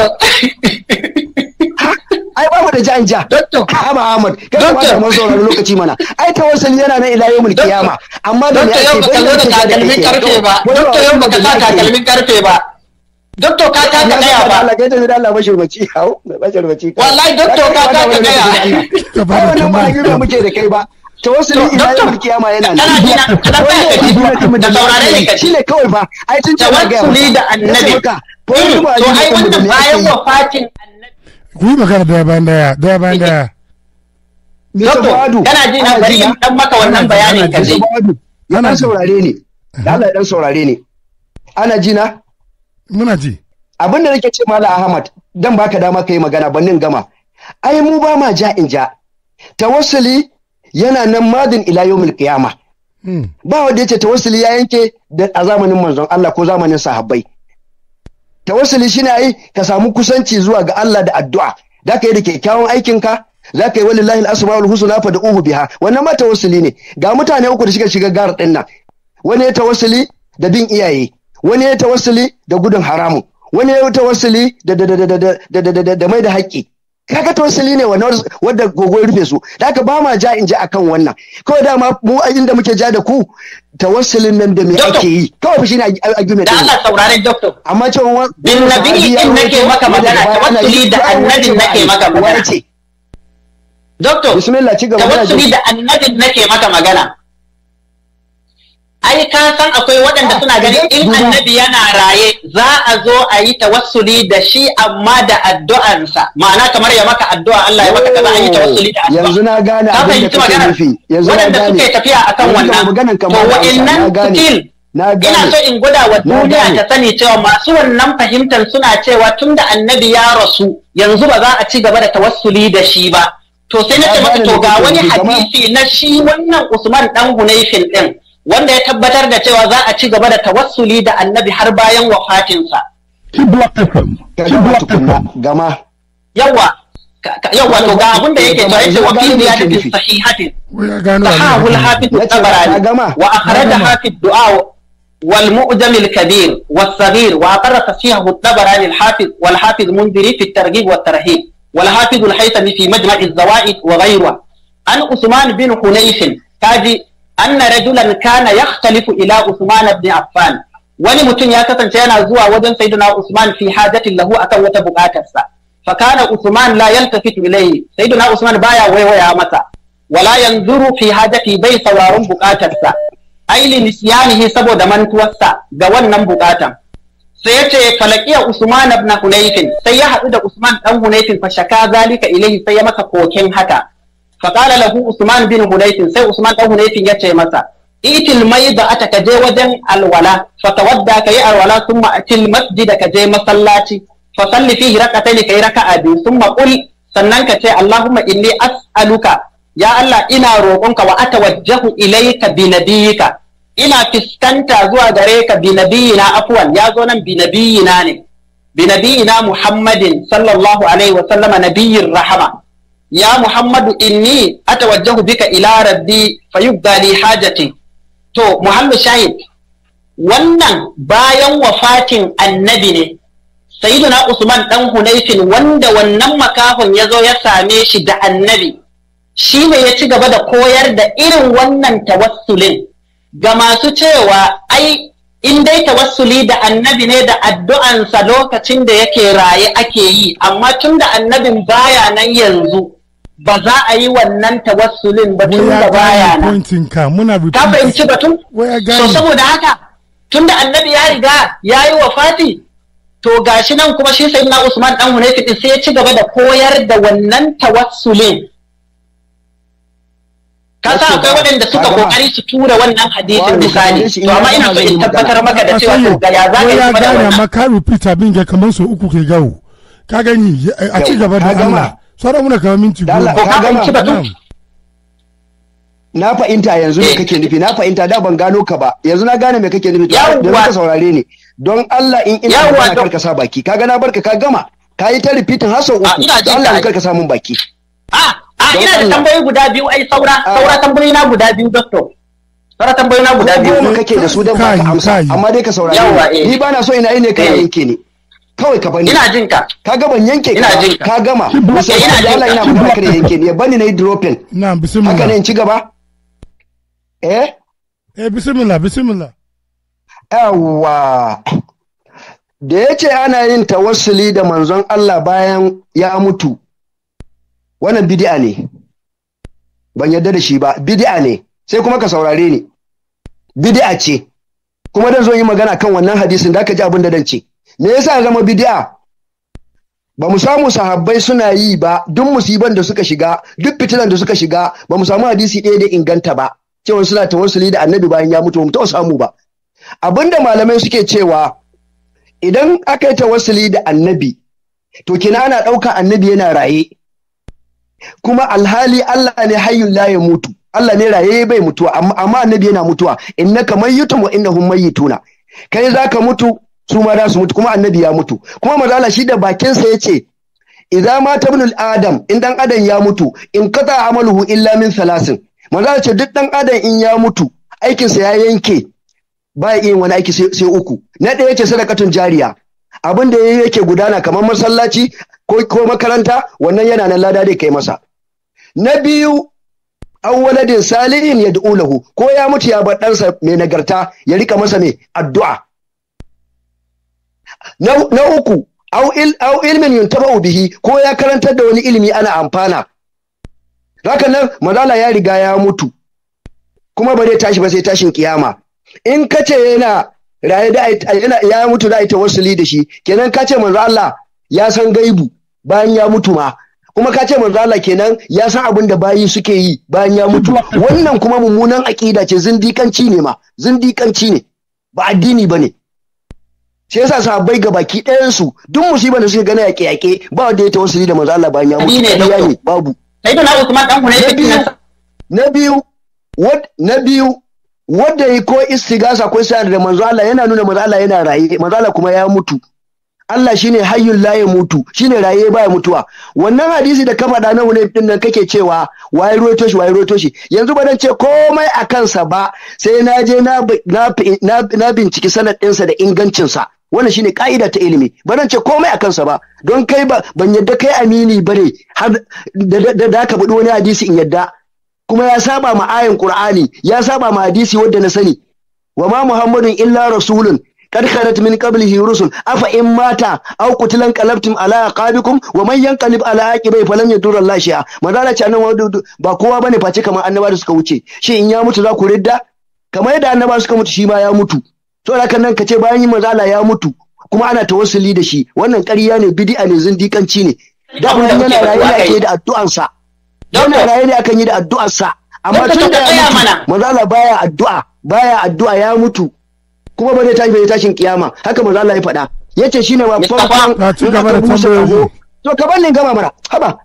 ai ba da jan ja doctor Ahmad Ahmad kada ba da mazo lokaci mana ai tawassuli yana na ila yawmul kiyama amma da ya ce bai da takalmin karfe ba doctor yau baka sa takalmin karfe ba doctor ka ta ka daya ba Allah ga da Allah mashirmaci hau ba. wallahi doctor ka ta ka daya ba ba muke da kai ba tawassuli ila yawmul kiyama yana nan da saurare ne kaji ne kawai ba ai tun ta ga tawassuli da annabi to ai wanda bayan wafatin annabi ku yi magana da bayan daya da bayan daya Dokto, kana ji na bari in dan maka wannan bayanin ka je. Yana saurare ne. Allah dan saurare ne. Ana ji na? Muna ji. Abin da nake ce Malam Ahmad, dan baka dama kai magana bannin gama. Ai mu ba ma ja in ja. Tawassuli yana nan madin ila yawmil qiyama ba wanda yace tawassuli ya yanke a zamanin manzon Allah ko zamanin sahabbai tawassuli shine ai ka samu kusanci zuwa ga Allah da addu'a da ka yi da kyakkyawan aikin ka za ka yi walillahi al-asmaul husna fa da'uhu biha wannan ma tawassuli ne ga mutane uku da shiga shiga gar din nan wani ya tawassuli da bin iyaye wani ya tawassuli da gudun haramun wani ya tawassuli da da da mai da haƙƙi kaga tawassuli ne wannan wadda gogo rufe su da ka ba ma ja in ji akan wannan kawai dama mu inda muke ja da ku tawassulin nan da me ake yi kawai fa a gume da Allah sauraren doctor amma ce cewa bin nabi in nake maka magana tawassuli da annabin nake maka magana doctor bismillah ci gaba tawassuli da annabin nake maka magana ai ka san akwai waɗanda suna ganin in annabi yana raye za a zo a yi tawassuli da shi amma da addu'arsa ma'ana kamar ya maka addu'a Allah ya maka kaza an yi tawassuli da addu'a yanzu na gane abin da kake nufi yanzu na gane waɗanda suke tafiya akan wannan to wa'annan skill ina so in gwada wa duniya ta sani cewa masu wannan fahimtar suna cewa tunda annabi ya rasu yanzu ba za a ci gaba da tawassuli da shi ba to sai na ce maka to ga wani hadisi na shi wannan Usman dan Hunayfin din wanda ya tabbatar da cewa za a ci gaba da tawassuli da annabi har bayan wafatinsa. Kibla FM. Kibla FM. Gama. Yawa. Yawa to ga abin da yake cewa yace wa fi ziyadatin sahihatin. Sahahul hafiz tabarani wa akhraja hafiz du'a والمؤجم الكبير والصغير وأقر تصحيحه الطبراني الحافظ والحافظ منذري في الترغيب والترهيب والحافظ الحيثمي في مجمع الزوائد وغيره عن عثمان بن حنيف كاجي anna rajulan kana yakhtalifu ila Usman ibn Affan wani mutum ya kasance yana zuwa wajen sayyidina Usman fi hajatin lahu akan wata bukatarsa fa kana Usman la yaltafitu ilayhi sayyidina Usman baya waiwaya masa wala yanzuru fi hajati bai sauraron bukatarsa aili nisyanihi saboda mantuwarsa ga wannan bukatan sai yace falakiya Usman ibn Hunayfin sai ya haɗu da Usman dan Hunayfin fa shaka zalika ilayhi sai ya maka koken haka faƙala lahu usman bin hunayfin sai usman ɗan hunayfin ya ce masa itil mai da ata ka je wajen alwala fatawadda ka yi alwala sun ma'atil masjida ka je masallaci fasalli fihi rakataini ka yi raka'a biyu sun maƙul sannan ka ce Allahumma inni as'aluka ya Allah ina roƙonka wa atawajjahu ilayka bi nabiyika ina fiskanta zuwa gareka ka bi nabiyina ya zo nan bi ne bi nabiyina Muhammadin sallallahu alaihi wa sallama nabiyir rahama ya muhammadu inni atawajjahu bika ila rabbi fayubda li hajati to muhammad shahid wannan bayan wafatin annabi ne sayyiduna usman dan hunayfin wanda wannan makahon ya zo ya same shi da annabi shi ne ya ci gaba da koyar da irin wannan tawassulin ga masu cewa ai in dai tawassuli da annabi ne da addu'ansa lokacin da yake raye ake yi amma tun da annabin baya nan yanzu ba za a yi wannan tawassulin ba tun da baya na ka fahimci batun so saboda haka tun da annabi ya riga ya yi wa fati to gashi nan kuma shi sai na usman dan hunayfi din sai ya ci gaba da koyar da wannan tawassulin ka sa akwai waɗanda suka kokari su tura wannan hadisin misali to amma ina so in tabbatar maka da cewa to ga ya za ka yi kuma da wannan amma ka repeat abin ga kamar so uku ke gawo ka gani a ci gaba da Allah sauran muna kawo minti na fahimta yanzu me eh. kake nufi na fahimta da ban gano ka ba yanzu na gane me kake nufi da ka saurare ni don Allah in ina da kar ka sa baki kaga na barka ka gama ka yi ta repeating har sau ah, uku don Allah in karka sa mun baki a ah, a ah, ina da tambayoyi guda biyu ai saura saura tambayoyi na guda biyu doctor saura tambayoyi na guda biyu. kake da su dan ba ka amsa amma dai ka saurare ni. Eh. ba na so ina ne kai eh. yake ne. kawai ka bani ina jin ka ka ga ban yanke ka ka gama ina da Allah ina magana kare yanke ni ya bani nayi dropping na bismillah haka ne in ci gaba eh eh bismillah bismillah yawa da yace ana yin tawassuli da manzon Allah bayan ya mutu wannan bid'a ne ban yarda da shi ba bid'a ne sai kuma ka saurare ni bid'a ce kuma dan zo yi magana kan wannan hadisin da ka ji abin da dan ce me yasa zama bid'a ba mu samu sahabbai suna yi ba duk musiban da suka shiga duk fitilan da suka shiga ba mu samu hadisi ɗaya da inganta ba cewa suna tawassuli da annabi bayan ya mutu mu samu ba abinda malamai suke cewa idan aka yi tawassuli da annabi to kina ana ɗauka annabi yana raye kuma alhali Allah ne hayyun la ya mutu Allah ne raye bai mutuwa amma annabi yana mutuwa innaka mayyitun wa innahum mayyituna kai zaka mutu su ma za su mutu kuma annabi ya mutu kuma mazala shi da bakinsa ya ce idza mata ibnul adam in dan adam ya mutu in kata amaluhu illa min salasin mazala ce duk dan adam in ya mutu aikinsa ya yanke ba ya yin wani aiki sai uku na ɗaya ce sadakatun jariya abin da yake gudana kamar masallaci ko makaranta wannan yana nan lada dai kai masa na biyu an waladin salihin ya lahu ko ya mutu ya bar ɗansa mai nagarta ya rika masa mai addu'a na uku au ilmin yuntaba'u bihi ko ya karantar da wani ilimi ana amfana haka nan manzala ya riga ya mutu kuma ba zai tashi ba sai tashin kiyama in ka ce yana raye da yana ya mutu da ita wasuli da shi kenan ka ce manzo Allah ya san gaibu bayan ya mutu ma kuma ka ce manzo Allah kenan ya san abin da bayi suke yi bayan ya mutu wannan kuma mummunan aqida ce zindikanci ne ma zindikanci ne ba addini bane shi yasa bai ga baki ɗayan su duk musibar da suke gana yaƙe yaƙe ba wanda ya tawassuli da manzo Allah bayan ya mutu ne babu sayyidina Usman dan Hunayfi na biyu wad na biyu wanda yi ko istigasa ko sai da manzo Allah yana nuna manzo Allah yana raye manzo Allah kuma ya mutu Allah shine hayyul la ya mutu shine raye baya mutuwa wannan hadisi da ka da na ne din nan kake cewa waye roto shi waye roto shi yanzu ba dan ce komai a kansa ba sai na je na na na binciki sanad ɗinsa da ingancin sa wannan shine ka'ida ta ilimi ba zan ce komai a kansa ba don kai ba ban yadda kai amini bane har da da ka budi wani hadisi in yadda kuma ya saba ma ayin qur'ani ya saba ma hadisi wanda na sani wa ma muhammadun illa rasulun kharat min qablihi rusul afa in mata aw قتل انقلبتم ala عقابكم wa man yanqalib ala aqibai falan الله شيئا shay'a madana ce annabawa ba kowa bane face kamar annabawa da suka wuce shi in ya mutu za ku ridda kamar yadda annabawa suka mutu shi ma ya mutu saboda haka nan ka ce bayan yi manzala ya mutu kuma ana tawassuli da shi wannan ƙarya ne bid'a ne zindiƙanci ne da wannan yana rayuwa ake da addu'ansa wannan rayuwa ne akan yi da addu'arsa amma tun da ya mutu manzala baya addu'a baya addu'a ya mutu kuma ba zai tashi bai tashin kiyama haka manzala ya faɗa yace shine ma farkon da aka busa kaho to ka bannin gama mara haba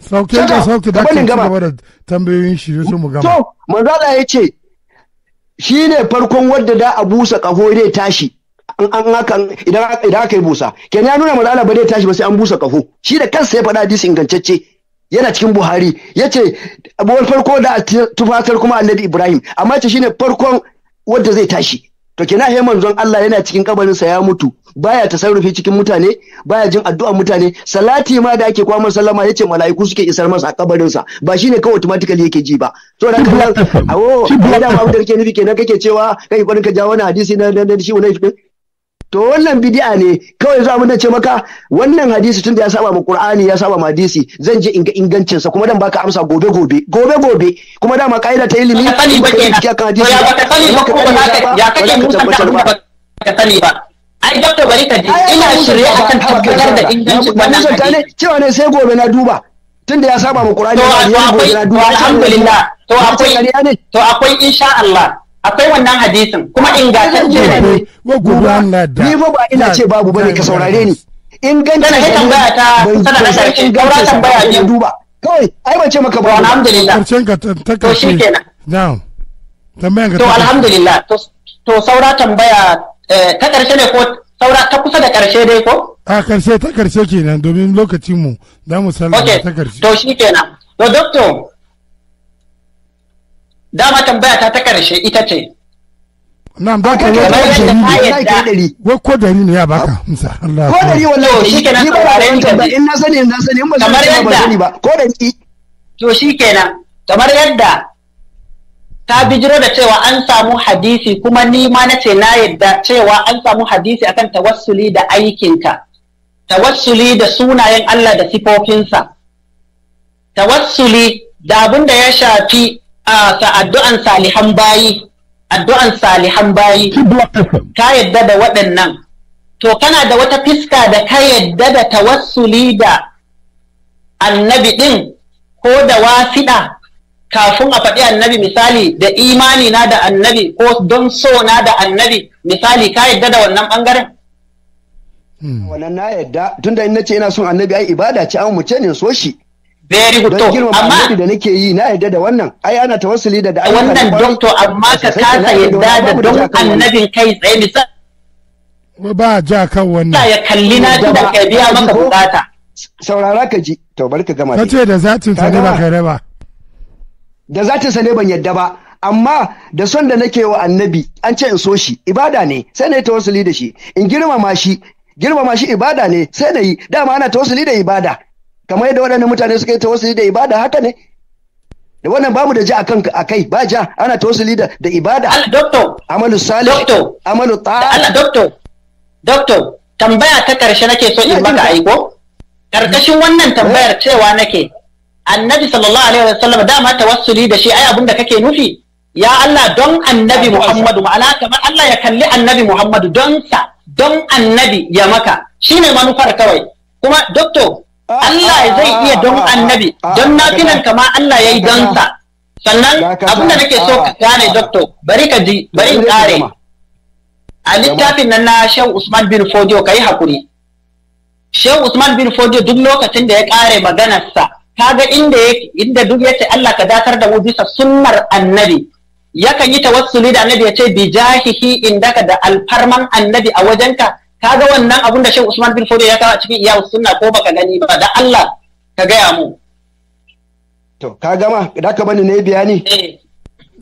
sauke ka sauke da ka gaba da tambayoyin shi su mu gama to manzala yace shi ne farkon wadda da a busa ƙaho zai tashi an hakan idan aka yi busa kenan ya nuna malala ba zai tashi ba sai an busa ƙaho shi da kansa ya faɗa hadisi ingantacce yana cikin buhari yace ce farko da tufatar kuma annabi ibrahim amma ce shine farkon wadda zai tashi to kina he manzon Allah yana cikin sa ya mutu baya tasarrufi cikin mutane baya jin addu'a mutane salati ma da ake kwamar sallama yace mala'iku suke isar masa a kabarin sa ba shine kawai automatically yake ji ba to dan kallon awo da ma da kake nufi kenan kake cewa kai kwarin ka ja wani hadisi na shi wani to wannan bid'a ne kawai za abin da ce maka wannan hadisi tunda ya saba ma Qur'ani ya saba ma hadisi zan je inga ingancin sa kuma dan baka amsa gobe gobe gobe gobe kuma dama kaida ta ilimi ya ka ba hadisi ya baka sani ba ko ba ya kake musanta ba ka sani ba ai doctor bari ka ji ina shirye akan tabbatar da ingancin wannan hadisi cewa ne sai gobe na duba tunda ya saba ma Qur'ani ya gobe na duba alhamdulillah to akwai to akwai insha Allah akwai wannan hadisin kuma in ga ta ingantacce ne ni ba ba ina ce babu bane ka saurare ni In inganci ne tambaya ta sana na sharki gaura tambaya ne duba kawai ai ban ce maka ba alhamdulillah karshen ka ta to shikenan na'am tambayan ka to alhamdulillah to saura tambaya eh, ta karshe ne ko saura ta kusa da karshe dai ko a karshe ta karshe kenan domin lokacin mu za mu sallama ta karshe to shikenan to doctor dama tambaya ta ta karshe ita ce nan ba ka wai ka dari ko dari ne ya baka musa Allah ko dari wallahi shi kenan ni ba da in na sani na sani in ba sani ba ko dari to shi kenan kamar yadda ta bijiro da cewa an samu hadisi kuma ni ma na ce na yadda cewa an samu hadisi akan tawassuli da aikinka tawassuli da sunayen Allah da sifofinsa tawassuli da abin da ya shafi addu'an salihan bayi addu'an salihan bayi ka yadda da waɗannan to kana da wata fiska da ka yadda da tawassuli da annabi ɗin ko da wasiɗa kafin a faɗi annabi misali da imani na da annabi ko don so na da annabi misali ka yadda da wannan ɓangaren wannan na yadda tunda in nace ina son annabi ai ibada ce an mu ce ne so shi very good to amma da nake yi na yadda da wannan ai ana tawassuli da da wannan doctor amma ka kasa yadda da don annabin kai tsaye misali ba ja kan wannan ya kalli na da ka biya maka bukata saurara ka ji to bari ka gama kace da zatin sa ne ba kai ba da zatin sa ne ban yadda ba amma da son da nake wa annabi an ce in so shi ibada ne sai na yi tawassuli da shi in girmama shi girmama shi ibada ne sai na yi dama ana tawassuli da ibada kamar yadda waɗannan mutane suka yi tawassuli da ibada haka ne da wannan bamu da ji a kan a kai ba ja ana tawassuli da da ibada Allah doctor amalu salih doctor amalu ta'a Allah doctor doctor tambaya ta karshe nake so in maka aiko karkashin wannan tambayar cewa nake annabi sallallahu alaihi wasallam dama tawassuli da shi ai abin da kake nufi ya Allah don annabi Muhammadu ma'ana kamar Allah ya kalli annabi Muhammadu don sa don annabi ya maka shine manufar kawai kuma doctor Allah zai iya don annabi don na nafilan kama Allah ya yi don sa sannan abinda nake so ka gane doktor bari ka ji bari in kare a littafin nan na Shehu Usman bin Fodio yi hakuri Shehu Usman bin Fodio duk lokacin da ya kare maganarsa kaga inda inda duk yace Allah ka dakar da mu bisa sunnar annabi yakan yi tawassuli da annabi ya ce bi jahihi indaka da alfarman annabi a wajenka kaga wannan abun da Sheikh Usman bin Fodo ya kawo a cikin iyawu Sunna ko baka gani ba da Allah ka gaya mu to ka gama da ka bani ne bayani eh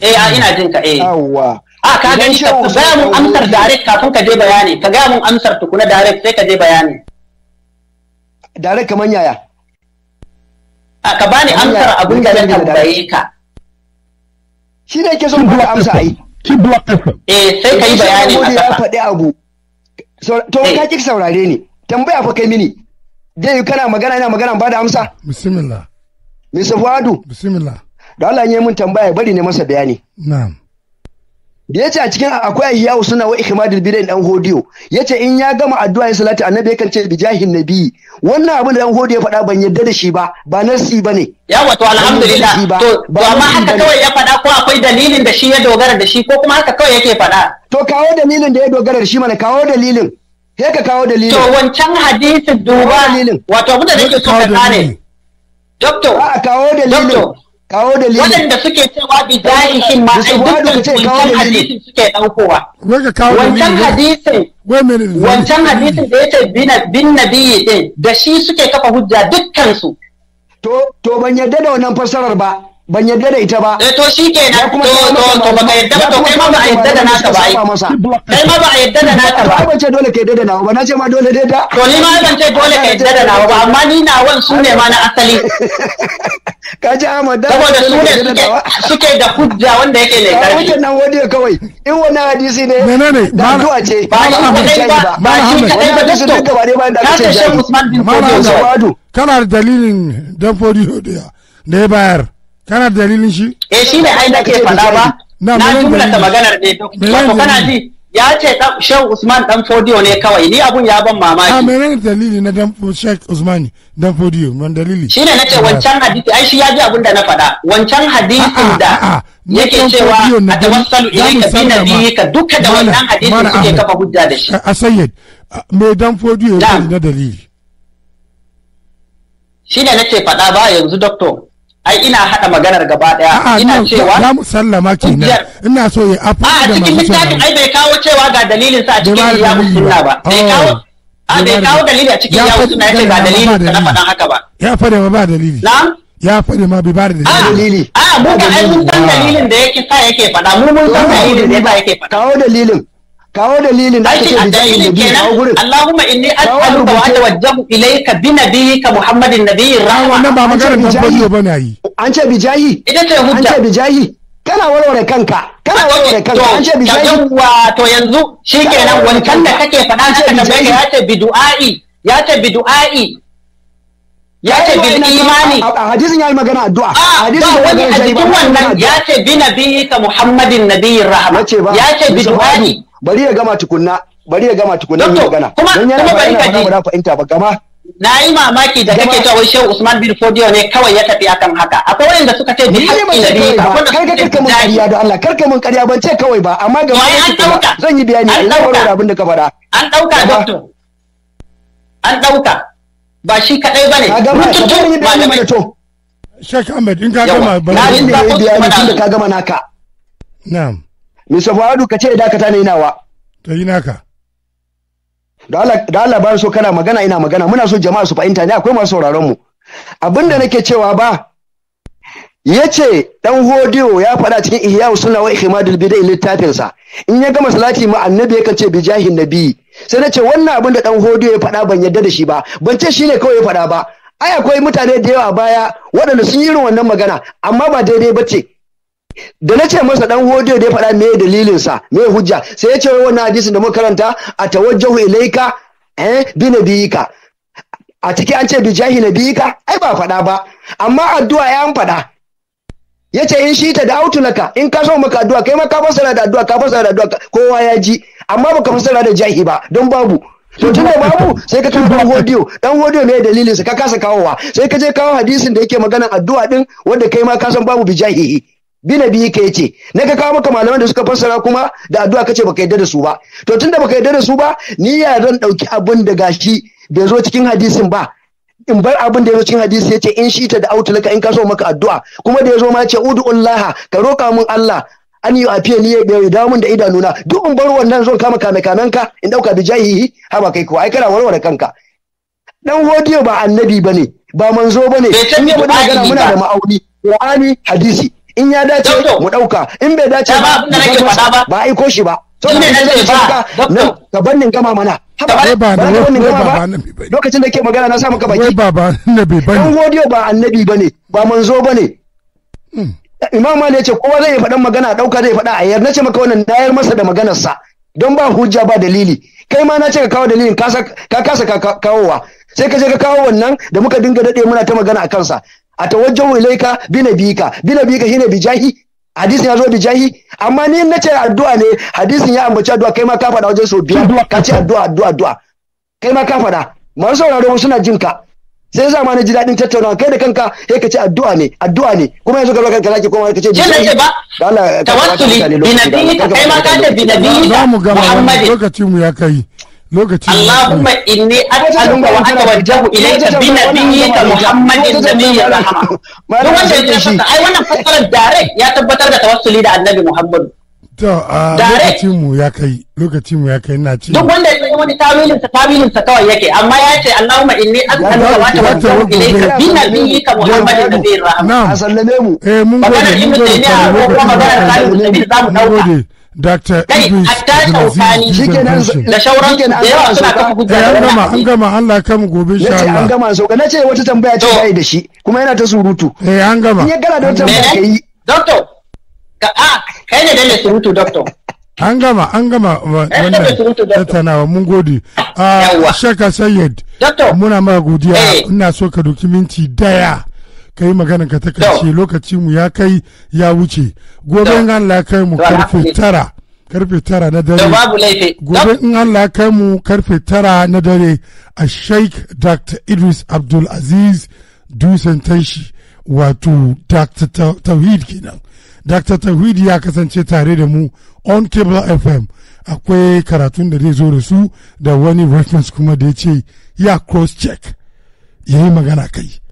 eh ina jin ka eh yawwa a ka gani ka gaya mun amsar direct kafin ka je bayani ka gaya mun amsar tukuna direct sai ka je bayani direct kaman yaya a ka bani amsar abun da zan tambaye ka shi ne ke son ba amsa ai ki block eh sai ka yi bayani a ya faɗi abu to ka ki saurare ni tambaya fa kai mini dai kana magana ina magana ba da amsa bismillah Mr. bismillah da Allah ya mun tambaya bari ne masa bayani na'am da yace a cikin akwai ahyawu suna wa ikhmadul bidai dan hodiyo yace in ya gama addu'a ya salatu annabi yakan ce bijahin nabi wannan abin da dan hodiyo ya faɗa ban yadda da shi ba ba nasi bane ya wato alhamdulillah to amma haka kawai ya faɗa ko akwai dalilin da shi ya dogara da shi ko kuma haka kawai yake faɗa to kawo dalilin da ya dogara da shi mana kawo dalilin sai ka kawo dalilin to wancan hadisi duba wato abin da nake so ka kare doctor a kawo dalilin kawo dalili waɗanda suke cewa bidayin shi ma ai dukkan wancan hadisin suke ɗaukowa wancan hadisin wancan hadisin da yace bin nabiyyi ɗin da shi suke kafa hujja dukkan su to to ban yarda da wannan fassarar ba ban yadda da ita ba eh to shikenan to to to baka yadda ba to kai ma ba a yadda da naka ba kai ma ba a yadda da naka ba ban ce dole ka yadda da nawa ba na ce ma dole dai da to ni ma ban ce dole ka yadda da nawa ba amma ni wan su ne ma na asali ka ji Ahmad da saboda su ne suke suke da hujja wanda yake ne gari wannan nan wani kawai in wani hadisi ne menene da du'a ce ba shi kadai ba ba shi kadai ba duk gaba ne ba da ce ba bin Fodio kana dalilin dan Fodio ba ya bayar kana dalilin shi eh shi ne ai nake faɗa ba na jumla ta maganar ne to. wato kana ji ya ce ta Shehu usman dan Fodio ne kawai ni abun ya ban mamaki Ah menen dalili na dan Shehu usman dan Fodio non dalili Shi ne nace wancan hadisi ai shi ya ji abun da na faɗa wancan hadisin ah, ah, da ah, yake cewa a tawassalu ilayka bi nabiyika duka da wannan hadisin suke kafa hujja da shi a sayyid me dan Fodio ya na dalili ne nace faɗa ba yanzu doctor ai ina hada maganar gaba daya ina cewa mu sallama kenan ina so ya afu a cikin littafin ai bai kawo cewa ga dalilin sa a cikin ya sunna ba bai oh, kawo a bai kawo dalili a cikin ya sunna yace ga dalilin sa na faɗan haka ba ya fada ma ba dalili na ya fada ma bai ba dalili a mun ga ai mun san dalilin da yake sa yake fada mun mun san dalilin da yasa yake fada kawo dalilin kawo dalilin da ake da dalilin da biyu gurin Allahumma inni as'aluka wa atawajjahu ilayka bi ka Muhammadin rawa. wannan ba bane yi an ce bijahi ita an ce bijahi kana warware kanka kana warware kanka an ce bijahi to yanzu wancan da kake faɗa ka ya ce bidu'ai ya ce bidu'ai ya ce bil imani hadisin yi magana addu'a hadisin a jikin ya ce bi ka Muhammadin rahma ya ce bidu'ai bari ya gama tukunna bari ya gama tukunna ya gana kuma yana ba ina ba ba fahimta ba gama na yi mamaki da kake cewa wai Sheikh Usman bin Fodiyo ne kawai ya tafi akan haka akwai wanda suka ce bi haƙƙi da bi akwai karka karka mun kariya da Allah karka mun kariya ban ce kawai ba amma ga wani zan yi bayani an dauka abin da ka faɗa an dauka doctor an dauka ba shi kadai bane mutum ba da mai Sheikh Ahmed in ka gama ba na yi bayani tun da ka gama naka na'am Mr. Fuadu ka ce dakata na nawa. Ta yi naka. Da Allah ba so kana magana ina magana muna so jama'a su fahimta ne akwai masu sauraron mu. abin da nake cewa ba ya ce dan hodiyo ya faɗa cikin ihya suna wa ihmadul bid'a littafin sa in ya gama salati mu, annabi yakan ce na nabi sai na ce wannan abin da dan hodiyo ya faɗa ban yadda da shi ba ban ce shi ne kawai ya faɗa ba ai akwai mutane da yawa baya waɗanda sun yi irin wannan magana amma ba daidai ba ce da na ce masa dan hodiyo da ya faɗa me dalilin sa me hujja sai ya ce wannan hadisin da muka karanta a tawajjahu ilaika eh bi nabiyika a ciki an ce bi jahi nabiyika ai ba faɗa ba amma addu'a ya an faɗa ya ce in shi ta da laka in ka so maka addu'a kai ma ka fassara da addu'a ka fassara da addu'a kowa ya ji amma baka fassara da jahi ba don babu to tun babu sai ka kawo dan hodiyo dan hodiyo ne dalilin sa ka kasa kawowa sai ka je kawo hadisin da yake magana addu'a din wanda kai ma ka san babu bijahihi bina biyu ka yace na ka kawo maka malaman da suka fassara kuma da addu'a kace baka yadda da su ba to tun da baka yadda da su ba ni ya zan dauki abin da gashi bai zo cikin hadisin ba in bar abin da ya zo cikin hadisi yace in shi ta da autulaka in ka so maka addu'a kuma da ya zo ma ce ud'ullaha ka roka mun Allah an yi afiya ni ya dawo mun da idanuna duk in bar wannan zo kama kame kamen ka in dauka bi jahihi ha ba kai ko ai kana warware kanka dan godiyo ba annabi bane ba manzo bane in ya magana muna da ma'auni qur'ani hadisi in ya dace mu dauka in bai dace ba ba aiko shi ba to ne da ba ka ka bannin gama mana wai ba na wai ba lokacin da ke magana na sa maka baki ba ba annabi bane dan godiyo ba annabi bane ba manzo bane hmm. imam mali yace kowa zai faɗan magana dauka zai faɗa a nace maka wannan dayar masa da maganar sa don ba hujja ba dalili kai ma na ce ka kawo dalilin ka kasa ka kawowa sai ka je ka kawo wannan da muka dinga dade muna ta magana a kansa atawajjahu ilaika binabika binabika hina bijahi hadisin ya zo bijahi amma ni na ce addu'a ne hadisin ya ambaci addu'a kai ma ka faɗa wajen so biya ka ce addu'a addu'a addu'a kai ma ka faɗa masu sauraro mu suna jinka, sai za ma na ji daɗin tattaunawa kai da kanka sai ka ce addu'a ne addu'a ne kuma yanzu ka zo kanka zaki koma ka ce bijahi ba tawassuli binabiyika kai ma ka ce binabiyika muhammadu lokaci mu ya kai lokaci Allahumma inni as'aluka wa ana ilayka bi nabiyyika Muhammadin nabiyyi rahma. duk wanda ya ai wannan fassara direct ya tabbatar da tawassuli da Annabi Muhammad to lokacin mu ya kai lokacin mu ya kai ina ce duk wanda ya wani tawilin sa tawilin sa kawai yake amma ya ce Allahumma inni as'aluka wa ana ilayka bi nabiyyika Muhammadin nabiyyi rahama a sallame mu eh mun gode mun gode mun gode Dr. Idris da shauran da yawa suna kafa hujja da gama an gama Allah kama gobe sha Allah an gama sauka na ce wata tambaya ce bai da shi kuma yana ta surutu eh an gama in ya gara da tambaya kai doctor ka a ah, kai ne da surutu doctor an gama an gama wannan tattaunawa mun gode ah, a shaka sayyid muna ma godiya eh. ina so ka doki minti daya kai magana ka ta kashe lokacin mu ya kai ya wuce gobe in an kai mu karfe tara karfe tara na dare gobe in an kai mu karfe tara na dare a Sheikh Dr. Idris Abdul Aziz Dusan Tanshi wato Dr. tawhid kenan Dr. Tauhid ya kasance tare da mu on Cable FM akwai karatun da zai zo da su da wani reference kuma da ya ce ya cross check ya yi magana kai